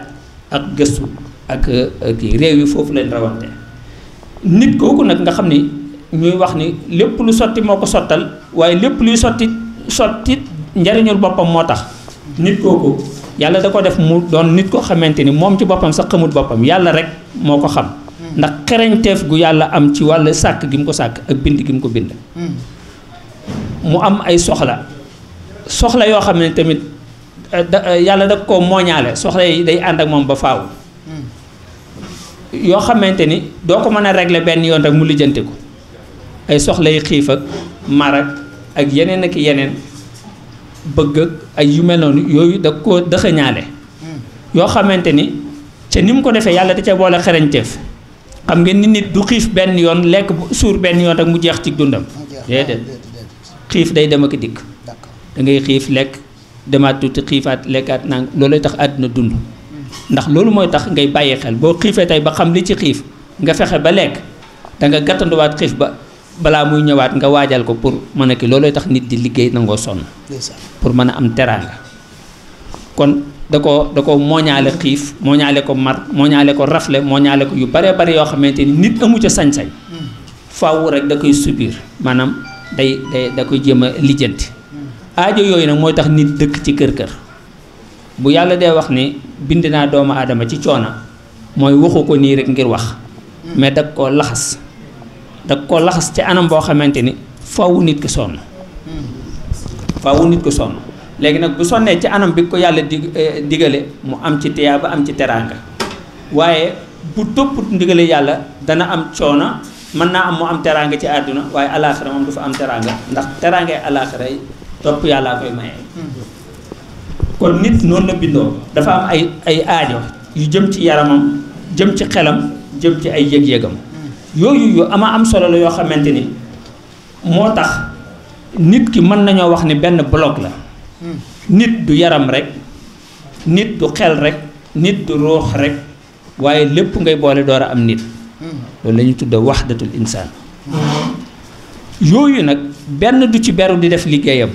ak gëstu ak kii réew yi foofu leen rawante nit kooku nag nga xam ni ñuy wax ni lépp lu sotti moo ko sottal waaye lépp luy sotti sotti njariñul boppam moo tax nit kooku. yàlla da ko def mu doon nit koo xamante ni moom ci boppam sax xamut boppam yàlla rek moo ko xam hmm. ndax xereñteef gu yàlla am ci wàll sàkk gi mu ko sàkk ak bind gi mu ko bind hmm. mu am ay soxla soxla yoo xam ne tamit eh, eh, yàlla da ko mooñaale soxla yi day ànd ak moom ba faaw hmm. yoo xamante ni doo ko mën a régler benn yoon rek mu lijjante ko ay soxla yi xiif ak mar ak yeneen ak yeneen bëgg ak ay yu mel noonu yooyu da koo dëxëñaale hmm. yoo xamante ni ca ni mu ko defee yàlla da ca boole xereñteef xam ngeen ni nit du xiif benn yoon lekk suur benn yoon rek mu jeex ci dundam déedéet xiif day dem ak dikk da ngay xiif lekk demaat tuuti xiifaat lekkaat nang loolooy tax àdduna dund hmm. ndax loolu mooy tax ngay bàyyi xel boo xiifee tey ba xam li ci xiif nga fexe ba lekk da nga xiif ba balaa muy ñëwaat nga waajal ko pour mën a ki loolooy tax nit di liggéey nangoo sonn pour mën a am teraanga kon da ko da ko mooñaale xiif mooñaale ko mar mooñaale ko rafle mooñaale ko yu bare bare yoo xamante ni nit amu ca sañ-sañ faaw rek da koy subir maanaam day day da ko jéem a lijjanti aajo yooyu nag mooy tax nit dëkk ci kër kër bu yàlla dee wax ni bind naa doomu aadama ci coona mooy waxu ko nii rek ngir wax mm. mais da ko laxas da koo laxas ci anam boo xamante ni fawu nit ki sonn fawu nit ki sonn léegi nag bu sonnee ci anam bi ko yàlla dig eh, digale mu am ci tiyaaba am ci teraanga waaye bu topp ndigale yàlla dana am coona mën naa am mu am teraanga ci àdduna waaye alaaxira moom du fa am teraanga ndax teraangay alaaxira yi topp yàllaa koy maye. kon nit noonu la bindoo dafa am ay ay aajo yu jëm ci yaramam jëm ci xelam jëm ci ay yëg-yëgam yooyu yu ama am solo la yoo xamante ni moo tax nit ki mën nañoo wax ni benn bloc la nit du yaram rek nit du xel rek nit du ruux rek waaye lépp ngay boole door a am nit loolu la ñuy tudde waxdatul insaan yooyu nag benn du ci beru di def liggéeyam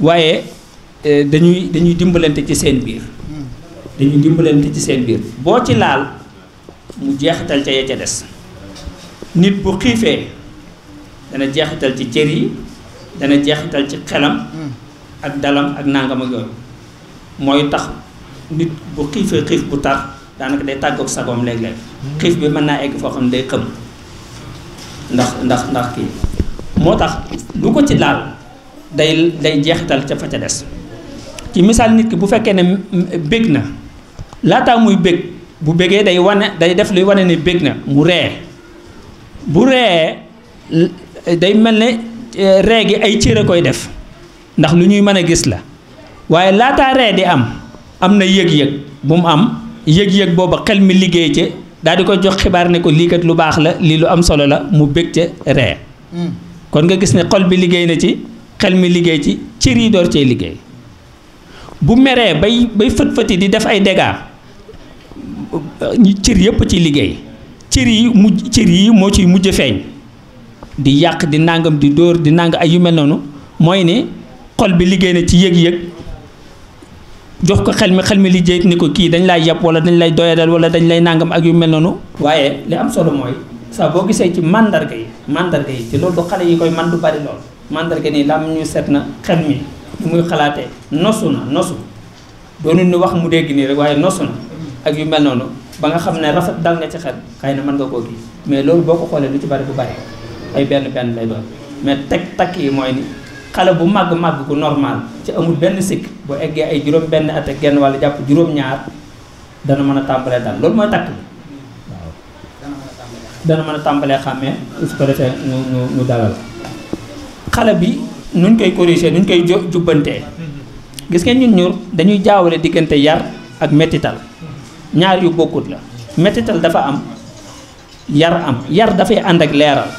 waaye eh, dañuy dañuy dimbalante ci seen biir dañuy dimbalante ci seen biir boo ci laal mu jeexital ca ya ca des nit bu xiifee dana jeexital ci cër yi dana jeexital ci xelam hmm. ak dalam ak nangam ak yooyu mooy tax nit bu xiifee xiif bu tax daanaka day tàggoog sagoom léeg-léeg hmm. xiif bi mën naa egg foo xam day xëm ndax ndax ndax kii moo tax lu ko ci daal day day jeexital ca fa ca des ci misaal nit ki bu fekkee ne bég na laataa muy bég bu bëggee day wane day def luy wane ne bég na mu ree bu ree day mel ne eh, ree gi ay cër a koy def ndax lu ñuy mën a gis la waaye laataa ree di am am na yëg-yëg bu mu am yëg-yëg booba xel mi liggéey ca daal di ko jox xibaar ne ko lii kat lu baax la lii lu am solo la mu bëgg ca ree hmm. kon nga gis ne xol bi liggéey na ci xel mi liggéey ci cër yi door cee liggéey bu meree bay bay fët-fëti di def ay dégâts ñu cër yëpp ci liggéey cër yi mujj cër yi moo ciy mujj feeñ di yàq di nangam di dóor di nang ak yu mel noonu mooy ni xol bi liggéey na ci yëg-yëg jox ko xel mi xel mi liggéey ni ko kii dañ lay yàpp wala dañ lay doyadal wala dañ lay nangam ak yu mel noonu waaye li am solo mooy saa boo gisee ci mandarga yi màndarga yi ci loolu xale yi koy man du bari lool mandarga nii lam ñu set na xel mi ñu muy xalaatee nosu na nosu doonu ni wax mu dégg nii rek waaye nosu na ak yu mel noonu ba nga xam ne rafet dal na ci xel kay na mën nga koo kii mais loolu boo ko xoolee lu ci bari bu bari ay benn benn lay doon mais teg takk yi mooy ni xale bu màgg màgg ku normal ci amul benn sikk bu eggee ay juróom benn at ak genn wala jàpp juróom-ñaar dana mën a tàmbalee dal loolu mooy takk bi waaw dana mën a tàmbalee xàmmee su ko defee ñu ñu ñu dalal xale bi nuñ koy corriger nuñ koy jubbantee mm-hmm. gis ngeen ñun ñur dañuy jaawale diggante yar ak mettital ñaar yu bokkut la mettital dafa am yar am yar dafay ànd ak leeral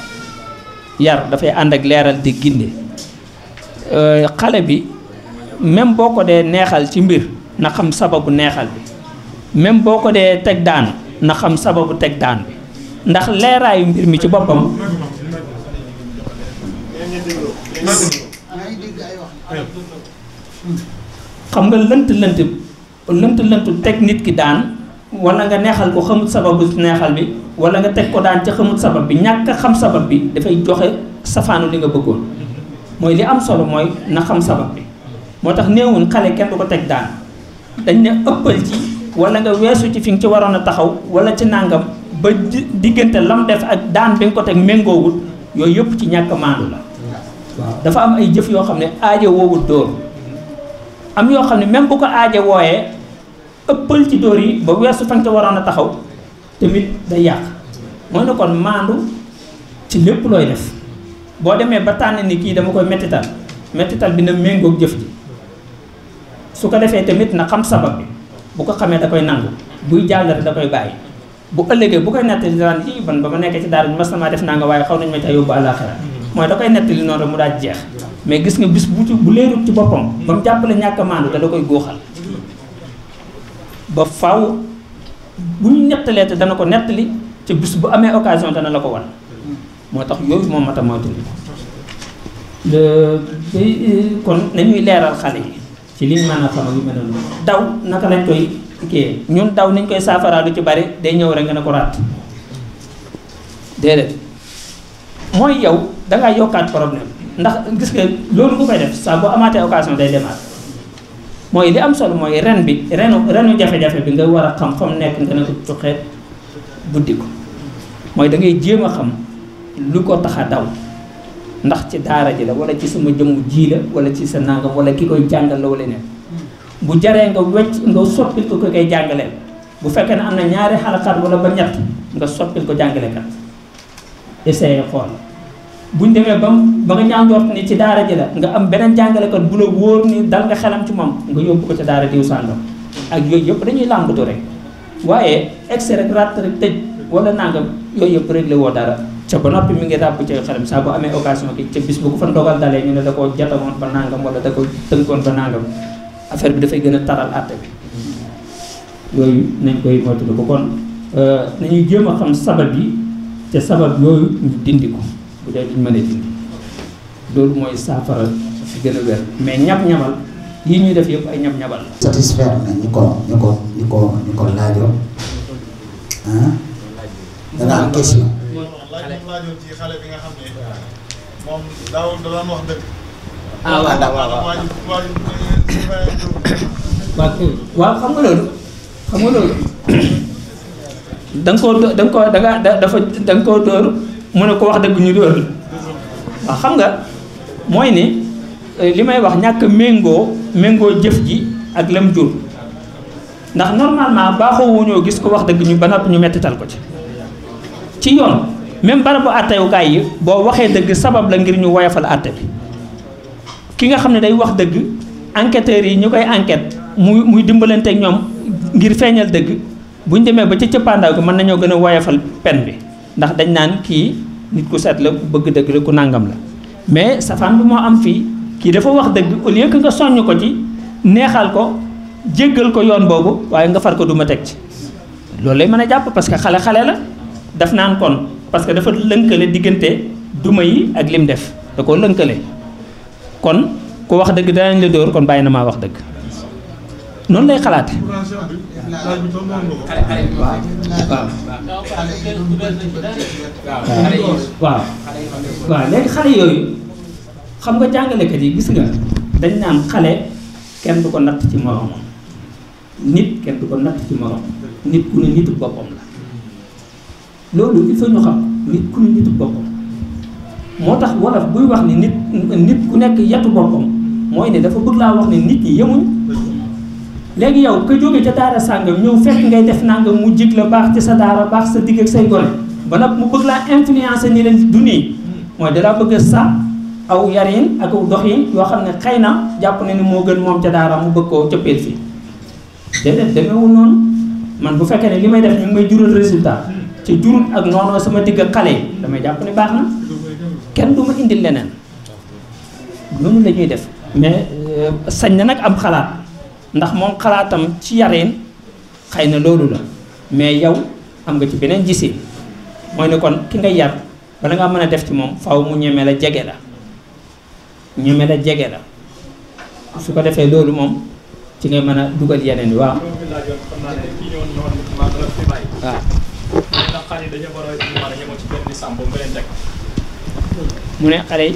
yar dafay ànd ak leeral di ginde euh, xale bi même boo ko dee neexal ci mbir na xam sababu neexal bi même boo ko dee teg daan na xam sababu teg daan bi ndax leeraayu mbir mi ci boppam xam nga lënt lënt lënt lëntu teg nit ki daan wala nga neexal ko xamut sababu neexal bi wala nga teg ko daan ci xamut sabab bi ñàkk xam sabab bi dafay joxe safaanu li nga bëggoon mooy li am solo mooy na xam sabab bi moo tax néewuñ xale kenn du ko teg daan dañ ne ëppal ci wala nga weesu ci fi nga ci waroon a taxaw wala ci nàngam ba diggante lam def ak daan bi nga ko teg méngoowul yooyu yëpp ci ñàkk maandu la waaw dafa am ay jëf yoo xam ne aajo woowul dóor am yoo xam ne même bu ko aajo wooye ëppal ci dóor yi ba weesu fan ca waroon a taxaw tamit day yàq mooy ne kon maandu ci lépp looy def boo demee ba tànn ni kii dama koy mettital mettital bi na méngoog jëf ji su ko defee tamit na xam sabab bi bu ko xamee da koy nangu buy jàllale da koy bàyyi bu ëllëgee bu koy nettali daan yi ban ba ma nekkee ci daara bi na maa def naa nga waaye xaw nañ ma ca yóbbu àllaaxira mooy da koy nettali noonu rek mu daal jeex mais gis nga bis bu ci leerut ci boppam ba mu ñàkk maandu te da koy góoxal ba faaw bu ñu nettalee te dana ko nettali te bis bu amee occasion dana la ko wan moo tax yooyu moom mata moo dindi kon nañuy leeral xale yi ci liñ a xam ak yu daw naka lañ koy kii ñun daw nañ koy saafaraalu ci bari day ñëw rek nga ne ko ràtt déedéet mooy yow dangaa yokkaat problème ndax gis nga loolu nga koy def saa boo amaatee occasion day demaat mooy li am solo mooy ren bi renu renu jafe-jafe bi nga war a xam fam nekk nga ne ko cuqeet buddi ko mooy dangay jéem a xam lu ko tax a daw ndax ci daara ji la wala ci sama jëmu ji la wala ci sa nangam wala ki koy jàngal la wala ne bu jaree nga wecc nga soppil ko ko koy jàngaleel bu fekkee na am na ñaari xalaqaat wala ba ñett nga soppil ko jàngalekat essayé xool buñ demee ba ba nga jàngoort ni ci daara ji la nga am beneen jàngalekat bu la wóor ni dal nga xelam ci moom nga yóbbu ko ca daara diw sàngam ak yooyu yëpp dañuy làmbatu rek waaye excès rek ratt rek tëj wala nangam yooyu yëpp réglé woo dara ca ba mu mi ngi ràbb ci xelam saa bu amee occasion ki ca bis bu ko fa ndogal dalee ñu ne da koo jatawoon ba nangam wala da ko tënkoon ba nangam affaire bi dafay gën a taral àtte bi yooyu nañ koy moytu ko kon euh, nañuy jéem a xam sabab yi te sabab yooyu ñu ko bu dee liñ mën a loolu mooy saafara fi gën a wér mais ñab-ñabal lii ñuy def yëpp ay ñab-ñabal la. satisfaire na ñu ko ñu ko ñu ko ñu ah, ah, waaw xam nga loolu xam nga loolu *coughs* da koo da nga koo da dafa da koo dóor. mu ne ko wax dëgg ñu dóor la waaw xam nga mooy ni euh, li may wax ñàkk méngoo méngoo jëf ji ak lëm jur ndax normalement baaxoo wuñoo gis ko wax dëgg ñu ba noppi ñu mettital ko ci ci yoon même barabu àttewukaay yi boo waxee dëgg sabab la ngir ñu woyofal àtte bi ki nga xam ne day wax dëgg enquêteurs yi ñu koy enquête muy muy dimbalante ñoom ngir feeñal dëgg buñ demee ba ci cëppaandaw gi mën nañoo gën a woyofal pen bi ndax dañ naan kii nit ku set la ku bëgg dëgg la nàngam la mais safaan bi moo am fii kii dafa wax dëgg au lieu que nga soññ ko ci neexal ko jéggal ko yoon boobu waaye nga far ko du ma teg ci loolu lay mën a jàpp parce que xale-xale la daf naan kon parce que dafa lënkale diggante duma yi ak lim def da koo lënkale kon ku wax dëgg danañ la dóor kon bàyyi na maa wax dëgg noonu lay xalaate waaw waaw léegi xale yooyu xam nga jàngalekat yi gis nga dañ naan xale kenn du ko natt ci moroom nit kenn du ko natt ci moroom nit ku ne nitu boppam la loolu il faut xam nit ku ne nitu boppam moo tax wolof buy wax ni nit nit ku nekk yatu boppam mooy ne dafa bëgg laa wax ne nit ñi yemuñ léegi yow ka jóge ca daara sàngam ñëw fekk ngay def naa nangam mu jig la baax ci sa daara baax sa digg ak say gone ba nag mu bëgg laa influencer ni leen du nii mooy dalaa bëgg a sa aw yarin ak aw doxin yoo xam ne xëy na jàpp na ni moo gën moom ca daara mu bëgg koo cëppeel fii déedéet demeewul man bu fekkee ne li may def ñu ngi may résultat ci jurul ak noonu sama digg ak damay jàpp ni baax na kenn du ma indil leneen noonu def mais euh, sañ na nag am xalaat ndax moom xalaatam ci yareen xëy na loolu la mais yow am nga ci beneen gisee mooy ne kon ki nga yar bala nga mën a def ci moom faw mu ñeme la jege la ñeme la jege la su ko defee loolu moom ci ngay mën a dugal yeneen yi waaw. mu ne xale yi.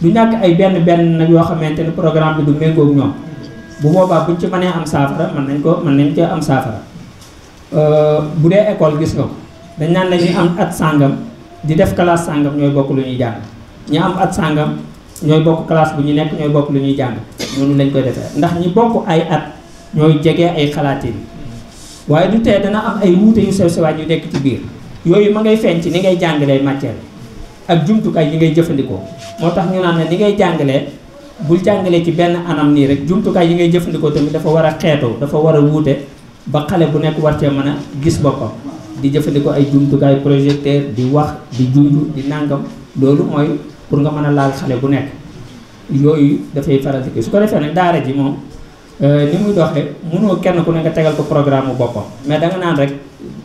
du ñàkk ay benn benn nag yoo xamante ne programme bi du méngoog ñoom bu boobaa buñ ci mënee am saafara mën nañ ko mën nañ ci am saafara euh, bu dee école gis nga dañ naan lañuy am at sàngam di def classe sàngam ñooy bokk lu ñuy jàng ñi am at sàngam ñooy bokk classe bu ñu nekk ñooy bokk lu ñuy jàng noonu lañ koy defee ndax ñi bokk ay at ñooy jege ay xalaatin waaye du tee dana am ay wuute yu sew sewaat yu nekk ci biir yooyu ma ngay feeñ ci ni ngay jàngalee matière ak jumtukaay yi ngay jëfandikoo moo tax ñu naan ne ni ngay jàngalee bul jàngalee ci benn anam nii rek jumtukaay yi ngay jëfandikoo tamit dafa war a xeetoo dafa war a wuute ba xale bu nekk war cee mën a gis boppam di jëfandikoo ay jumtukaay projecteur di wax di junj di nàngam loolu mooy pour nga mën a laal xale bu nekk yooyu dafay faral di su ko defee ne daara ji moom euh, ni muy doxee mënoo kenn ku ne nga tegal ko programme boppam mais danga naan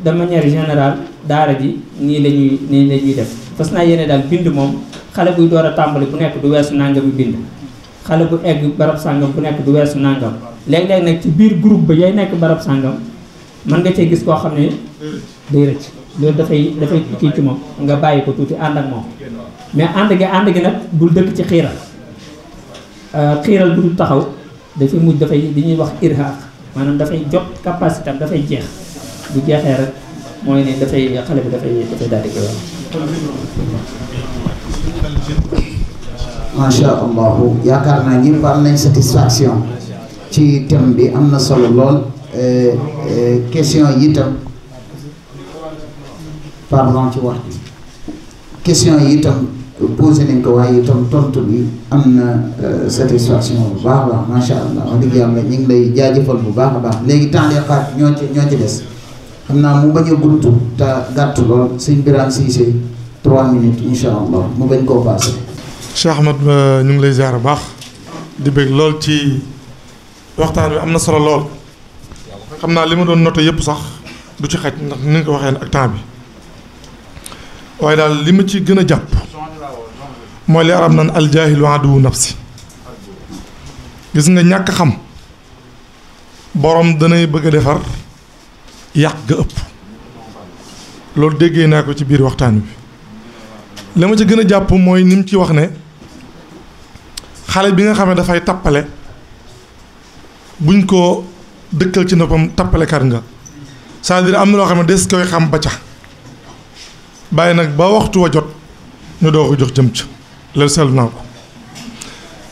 de manière générale daara ji nii lañuy nii la ñuy def fas naa yéene daal bind moom xale buy door a tàmbali bu nekk du weesu nangam bind xale bu egg barab sàngam bu nekk du weesu nangam léeg-léeg nag ci biir group ba yay nekk barab sàngam man nga cee gis koo xam ne day loolu dafay dafay kii ci moom nga bàyyi ko tuuti ànd ak moom mais ànd gi ànd gi nag bul dëkk ci xiiral euh, xiiral bu dul taxaw dafay mujj dafay li ñuy wax irhaq maanaam dafay jot capacité dafay jeex bu jeexee rek mooy ne dafay xale bi dafay dafay daal di koy wax. macha allah yaakaar naa ñëpp am nañ satisfaction ci thème bi am na solo lool eh, eh, question yi itam pardon ci wax question yi itam posé nañ ko waaye itam tontu bi am na eh, satisfaction bu baax a baax macha allah wax dëgg yàlla ñu ngi lay jaajëfal bu baax a baax léegi temps de ñoo ci ñoo ci des. xam naa mu bañ a gudd te gàtt lool sëñ Birane Cissé trois minutes incha allah mu bañ koo passé. Cheikh Ahmad euh, ñu ngi lay ziar baax di bëgg lool ci waxtaan wi am na solo lool xam naa li ma doon noté yëpp sax du ci xaj ndax ni nga ko waxee ak temps bi waaye daal li ma ci gën a jàpp mooy li arab naan aljaahilu aduwu si gis nga ñàkk xam borom danay bëgg a defar. yàq ga ëpp loolu déggee naa ko ci biir waxtaan wi la ma ci gën a jàpp mooy ni mu ci wax ne xale bi nga xam ne dafay tappale buñ ko dëkkal ci noppam tappalekat nga c'est-à-dire am na loo xam ne des koy xam ba ca bàyyi nag ba waxtu wa jot ñu doo ko jox jëm ca loolu seetlu naa ko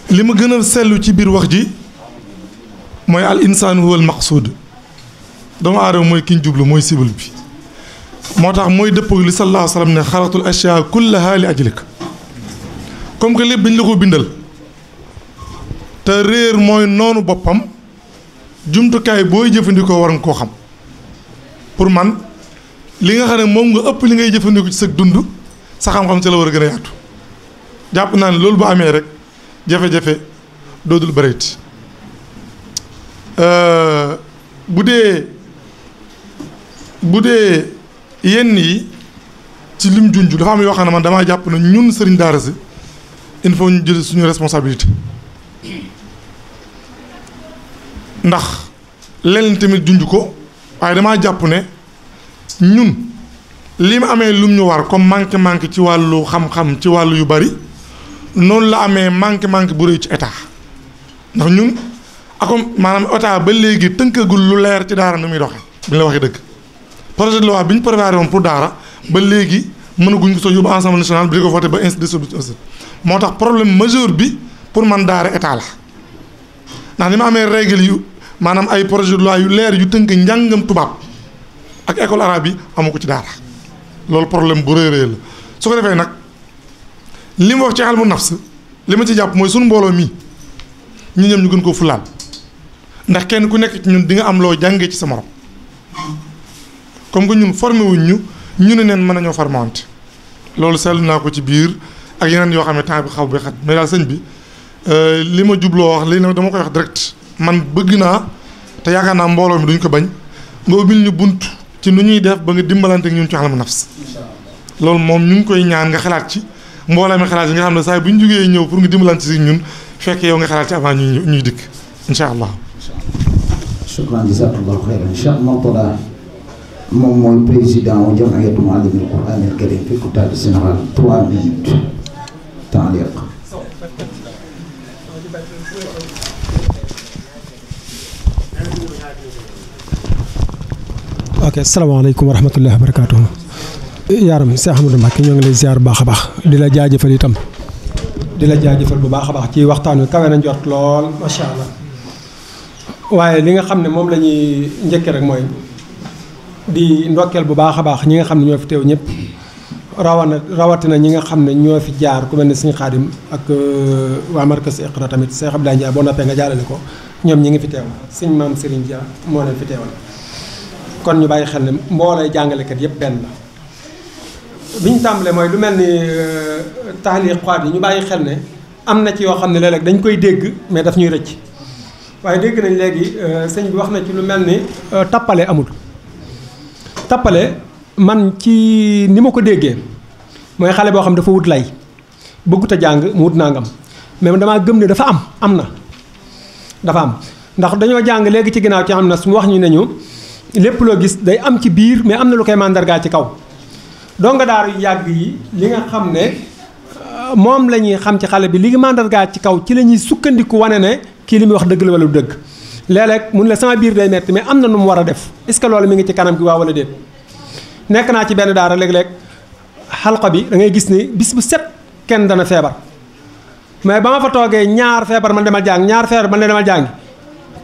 li ma gën a seetlu ci biir wax ji mooy al insaan huwa al maqsuud doomu aadama mooy ki jublu mooy cible bi moo tax mooy dëppoo li sallallahu ne wa sallam ne xaratul ashyaa kullaha li ajlik comme que lépp dañ la ko bindal te réer mooy noonu boppam jumtukaay booy jëfandikoo war nga koo xam pour man li nga xam ne moom nga ëpp li ngay jëfandikoo ci sa dund sa xam-xam ci la war a gën a yaatu jàpp naa ne loolu bu amee rek jafe-jafe doodul bëreeti euh, bu dee. bu dee yenn yi ci lim junj dafa am yoo xam man damaa jàpp ne ñun sëriñ daara si il faut ñu jël suñu responsabilité ndax leneen tamit junj ko waaye damaa jàpp ne ñun li mu amee lum ñu war comme manque manque ci wàllu xam-xam ci wàllu yu bari noonu la amee manque manque bu rëy ci état ndax ñun akom maanaam état ba léegi tënkagul lu leer ci daara nu muy doxe bi la waxee dëgg projet de loi bi ñu préparé woon pour daara ba léegi mënaguñ ko soo yóbbu ensemble national bi di ko voté ba ainsi de suite aussi moo tax problème majeur bi pour man daara état la ndax li ma amee règle yu maanaam ay projet de yu leer yu tënk njàngam tubaab ak école arabe yi amu ko ci daara loolu problème bu réeréer la su ko defee nag li mu wax ci xel mu nafs li ma ci jàpp mooy sunu mbooloo mi ñu ñëm mu gën koo fulaal ndax kenn ku nekk ci ñun di nga am loo jàngee ci sa morom comme nga ñun formé wuñ ñu ñu ne neen mën nañoo formante loolu seetlu naa ko ci biir ak yeneen yoo xam ne temps bi xaw bi xat mais daal sëñ bi euh, li ma jubloo wax li dama koy wax direct man bëgg naa te yaakaar naa mbooloo mi duñ ko bañ nga ubbil ñu bunt ci nu ñuy def ba nga dimbalante ak ñun ci alamu nafs loolu moom ñu ngi koy ñaan nga xalaat ci mbooloo mi xalaat yi nga xam ne saa bu ñu jógee ñëw pour nga dimbalante si ñun fekk yow nga xalaat ci avant ñuy ñuy dikk incha allah. moom mooy président wu jamaayatu maalimil quraanil kariim fi Koutal Sénégal trois minutes temps lépp. ok salaamaaleykum wa barakaatu. yaaram Cheikh Ahmadou Mbacké ñoo ngi lay ziar bu baax a baax di la jaajëfal itam di la jaajëfal bu baax a baax ci waxtaan wi kawe na njort lool macha allah waaye li nga xam ne moom lañuy ñuy rek mooy. di ndokkeel bu baax a baax ñi nga xam ne ñoo fi teew ñëpp rawana rawatina ñi nga xam ne ñoo fi jaar ku mel ne Sëñ Xaadim ak euh, waa markas Iqra tamit Cheikh Abdoulaye Ndiaye boo noppee nga jaarale ko ñoom ñi ngi fi teew sëñ maam Serigne Dia moo leen fi teewal kon ñu bàyyi xel ne mboolay jàngalekat yëpp benn la bi ñu tàmbalee mooy lu mel ni euh, taaliqaat yi ñu bàyyi xel ne am na ci yoo xam ne léeg dañ koy dégg mais daf ñuy rëcc waaye dégg nañ léegi euh, sëñ bi wax na ci lu mel ni tappale amul tappale man ci ni ma ko déggee mooy xale boo xam dafa wut lay bëggut jàng mu wut nangam mais damaa gëm ne dafa am am na dafa am ndax dañoo jàng léegi ci ginnaaw ci am na su mu wax ñu ne ñu lépp loo gis day am ci biir mais am na lu koy màndargaa ci kaw donga daaru yàgg yi li nga xam ne euh, moom la ñuy xam ci xale bi li ngi màndargaa ci kaw ci la ñuy sukkandiku wane ne kii li muy wax dëgg la wala du dëgg léeg mun la sama biir day metti mais am na nu mu war a def est ce que loolu mi ngi ci kanam gi waa wala déet nekk naa ci benn daara léeg-léeg xalqa bi da ngay gis ni bis bu set kenn dana feebar mais ba ma fa toogee ñaar feebar man demal jàng ñaar feebar man demal jàngi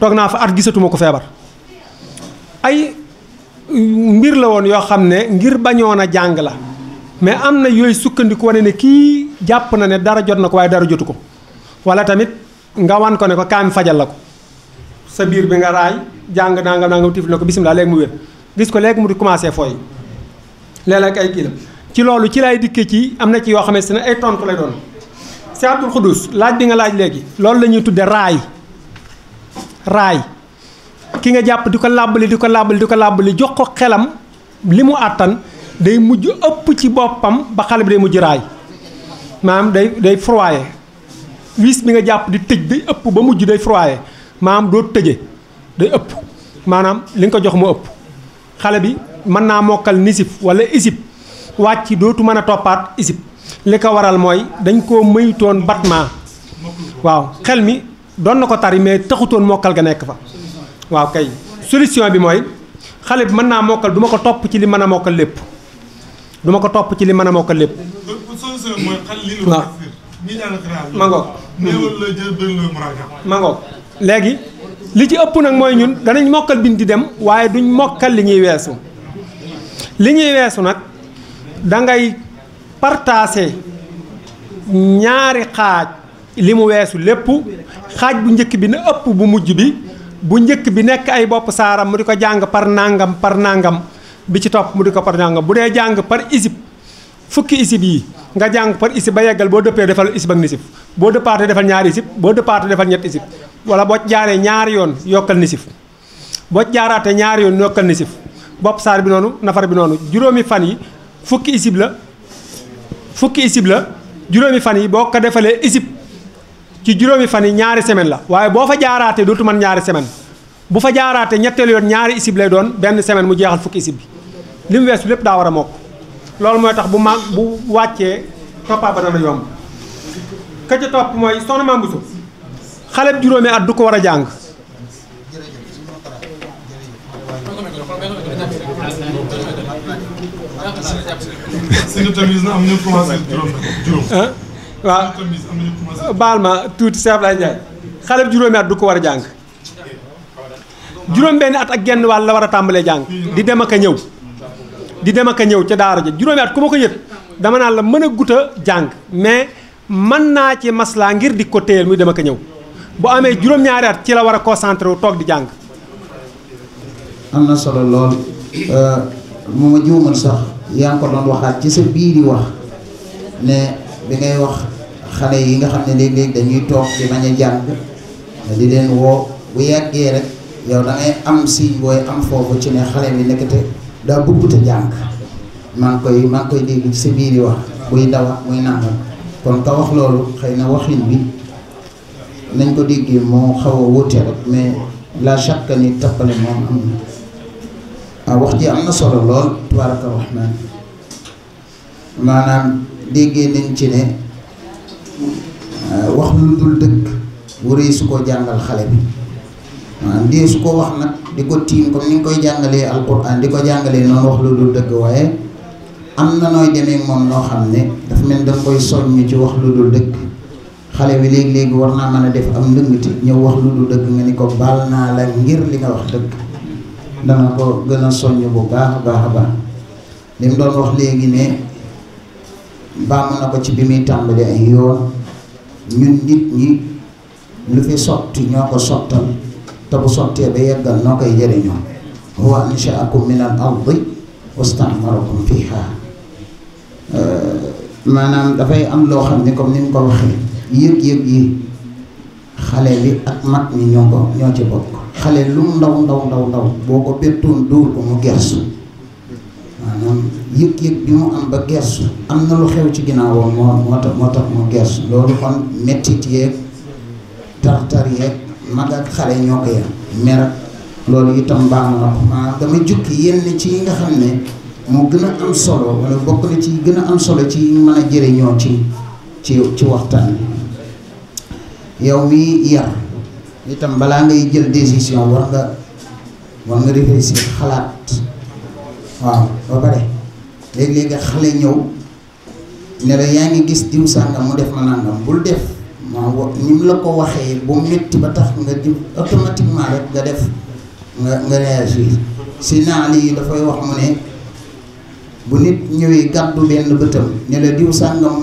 toog naa fa at gisatuma ko feebar ay mbir la woon yoo xam ne ngir bañoon a jàng la mais am na yooyu sukkandiku ne ne kii jàpp na ne dara jot na ko waaye dara jotu ko wala tamit nga wan ko ne ko kaam fajal la ko sa biir bi nga raay jàng nangam nangam tifli na ko bisimilah léegi mu wér gis ko léegi mu di commencé fooy léeg-léeg ay kii la ci loolu ci laay dikkee ci am na ci yoo xamante ne ay tontu lay doon saatul xudus laaj bi nga laaj léegi loolu lañuy ñuy tudde raay raay ki nga jàpp di ko làbbali di ko làbbali di ko làbbali jox ko xelam li mu àttan day mujj ëpp ci boppam ba xale bi day mujj raay maanaam day day froyé wiis bi nga jàpp di tëj day ëpp ba mujj day froyé maam doo tëje day ëpp maanaam li nga ko jox mu ëpp xale bi mën naa mokkal nisif wala isib wàcc dootu mën a toppaat isib li ko waral mooy dañ koo mëytoon batma waaw xel mi doon na ko tari mais taxutoon mokkal ga nekk fa waaw kay solution bi mooy xale bi mën naa mokkal duma ko topp ci li mën a mokkal lépp du ko topp ci li mën a mokkal lépp waaw ma ngoog léegi li ci ëpp nag mooy ñun danañ mokkal bind di dem waaye duñ mokkal li ñuy weesu li ñuy weesu nag da ngay partager ñaari xaaj li mu weesu lépp xaaj bu njëkk bi na ëpp bu mujj bi bu njëkk bi nekk ay bopp saaram mu di ko jàng par nangam par nangam bi ci topp mu di ko par nàngam bu dee jàng par isib fukki isib yi nga jàng par isib ba yeggal boo dëppee defal isib ak nisib boo dëppaatee defal ñaari isib boo dëppaatee defal ñetti isib wala boo jaaree ñaari yoon yokkal nisif boo ci ñaari yoon yokkal nisif bopp saar bi noonu nafar bi noonu juróomi fan yi fukki isib la fukki isib la juróomi fan yi boo ko defalee isib ci juróomi fan yi ñaari semaine la waaye boo fa jaaraatee dootu man ñaari semaine bu fa jaaraatee ñetteelu yoon ñaari isib lay doon benn semaine mu jeexal fukki isib bi li mu weesu lépp daa war a mokk loolu mooy tax bu ma bu wàccee toppaa ba yomb ka ca topp mooy soxna Mame xale bu juróomi at du ko war a jàng waaw tuuti Cheikh Abdoulaye Ndiaye xale du ko war a jàng juróom benn at ak genn wàll la war a tàmbalee jàng di dem ak a ñëw di dem ak a ñëw ca daara ja juróomi at ku ma ko yët dama naan la mën a gut a jàng mais mën naa ci maslaa ngir di ko téyel muy dem ak a ñëw bu amee juróom-ñaari at ci la war a concentré wu toog di jàng. am na solo lool mu euh, ma juumal sax yaa ngi ko doon waxaat ci sa biir yi wax ne bi ngay wax xale yi nga xam ne léeg-léeg dañuy toog ci bañ a jàng di leen woo bu yàggee rek yow da ngay am signe booy am foofu ci ne xale bi nekkate daa bëgg te jàng maa ngi koy maa ngi koy dégg ci sa biir yi wax buy dawa muy nangam kon ka wax loolu xëy na waxin bi. nañ ko déggee moo xaw a wóote rek mais la chaque ni tappale moom am na ah, wax ji am na solo lool tabaraka rahman maanaam déggee nañ ci ne ah, wax lu dul dëkk wuree su ko jàngal xale bi waa ah, dee su ko wax nag di ko tiim comme ni koy jàngalee alquran di ko jàngalee noonu wax lu dul dëgg waaye am na nooy demee moom noo xam ne dafa mel ni danga koy soññ ci wax lu dul dëkk xale bi léegi-léegi war naa mën a def am ndëngati ñëw wax lu du dëgg nga ni ko baal naa la ngir li nga wax dëgg dana ko gën a soññ bu baax a baax a baax li mu doon wax léegi ne baamu na ko ci bi muy tàmbali ay yoon ñun nit ñi lu fi sotti ñoo ko sottal te bu sottee ba yeggal noo koy jëriñoo huwa ansha'akum min al ardi wastamarakum fiha maanaam dafay am loo xam ne comme ni mu ko waxee yëg-yëg yi xale bi ak mag mi ñoo ko ñoo ci bokk xale lu ndaw ndaw ndaw ndaw boo ko bettoon dóor ko mu gersu maanaam yëg-yëg bi mu am ba gersu am na lu xew ci ginnaawam moo tax mu gersu loolu kon mettit yeeg tartar yeeg mag ak xale ñoo ko yem mer ak loolu itam baax na ko maanaam dama jukki yenn ci yi nga xam ne moo gën a am solo bokk na ci gën a am solo ci mën a jëriñoo ci ci ci waxtaan bi yow mi yar itam balaa ngay jël décision war nga war nga réfléchir xalaat waaw ba pare léeg-léeg xale ñëw ne yaa ngi gis diw sàngam mu def ma nangam bul def ma wa ni la ko waxee bu métti ba tax nga di automatiquement rek nga def nga nga réagir si naa lii dafay wax mu ne bu nit ñëwee gàddu benn bëtam ne la diw sàngam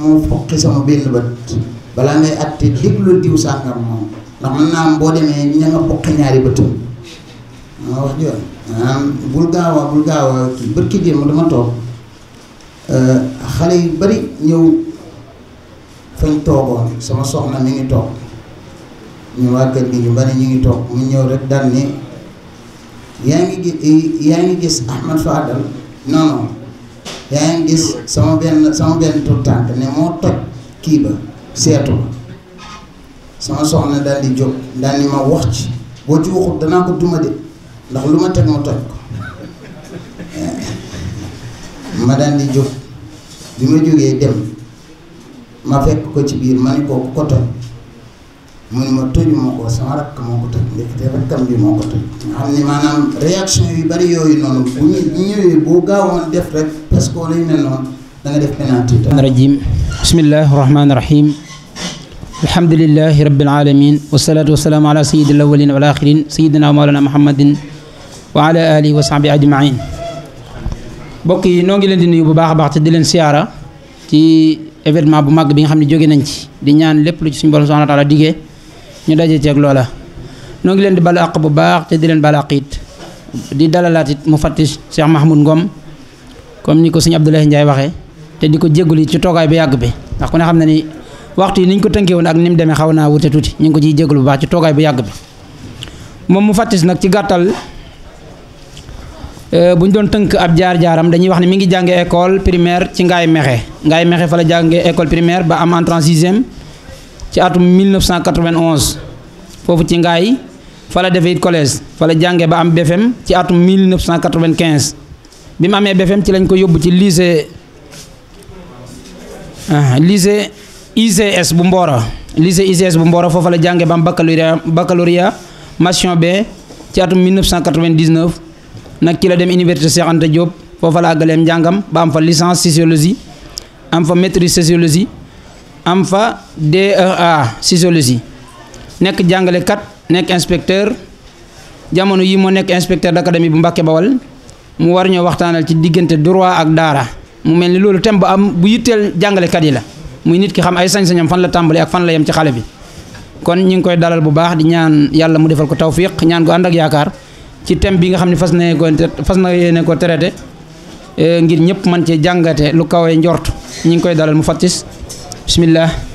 sama benn bët balaa ngay àtte déglul diw sàngam moom ndax mën naa am boo demee ña nga bokk ñaari bëtum ma wax joon bul gaaw a bul gaaw a kii bërki dama toog euh, xale yu bari ñëw fañ toogoon sama soxna mi ngi toog ñu waa kër bari ñu ngi toog mu ñëw rek dal ni yaa ngi gis yaa ngi gis Ahmad Fadal non yaa ngi gis sama benn sama benn tur tànk ne moo toj kii ba seetu sama soxna daal di jóg daal ni ma wax ci boo ndax lu ma teg ma toj ko ma daal di jóg bi ma jógee dem ma fekk ko ci biir ma ni ko ku ko toj mu ma toj ko sama rakk moo ko toj ndekete rakkam bi moo ko toj nga xam ne maanaam réaction yu bari yooyu noonu bu ñu ñëwee boo gaawoon def rek parce que lay mel noonu da nga def penalty rajim bismillahi rahmaani rahim alhamdulilahi rabbil alamin wasalaatu wasalaamu ala sayidil awalin wal axirin sayidina wa mawlana muhammadin wa ala alihi wa sahbi ajmain mbokk yi noo ngi leen di nuyu bu baax a baax te di leen siyaara ci événement bu mag bi nga xam ne jóge nañ ci di ñaan lépp lu ci suñu borom subhanahu wa taala diggee ñu daje ceeg loola noo ngi leen di balu bu baax te di leen balu di dalalaat it mu fàtti Cheikh Mahmoud Ngom comme ni ko suñu Abdoulaye waxee te di ko jégalu ci toogaay bu yàgg bi ndax ku ne xam na ni waxtu yi ni ko tënkee woon ak ni mu demee xaw naa wute tuuti ñu ngi ko ciy jégalu bu baax ci toogaay bu yàgg bi moom mu fàttis nag ci gàttal e, bu ñu doon tënk ab jaar-jaaram dañuy wax ne mi ngi jànge école primaire ci Ngaye Mexe ngay Mexe fa la jànge école primaire ba am entrant sixième ci atum 1991 foofu ci Ngaye fa la defee it collège fa la jànge ba am BFM ci atum 1995 bi mu amee BFM ci lañ ko lycée ICS bu Mboro lycée ICS bu Mboro foofa la jàngee ba am baccalauréat baccalauréat mention B ci atum 1999 nag ci la dem université Cheikh Anta Diop foofa la àggaleem njàngam ba am fa licence sociologie am fa maîtrise sociologie am fa DEA sociologie nekk jàngale kat nekk inspecteur jamono yi moo nekk inspecteur d'académie bu Mbàkke Bawal mu war ñoo waxtaanal ci diggante droit ak daara mu mel ni loolu thème bu am bu yitteel jàngalekat yi la muy nit ki xam ay sañ-sañam fan la tàmbali ak fan la yem ci xale bi kon ñu ngi koy dalal bu baax di ñaan yàlla mu defal ko tawfiq ñaan ko ànd ak yaakaar ci thème bi nga xam ne fas na ko fas na yéene ko traité eh, ngir ñëpp mën cee jàngate lu kawee njort ñu ngi koy dalal mu fattis bismillah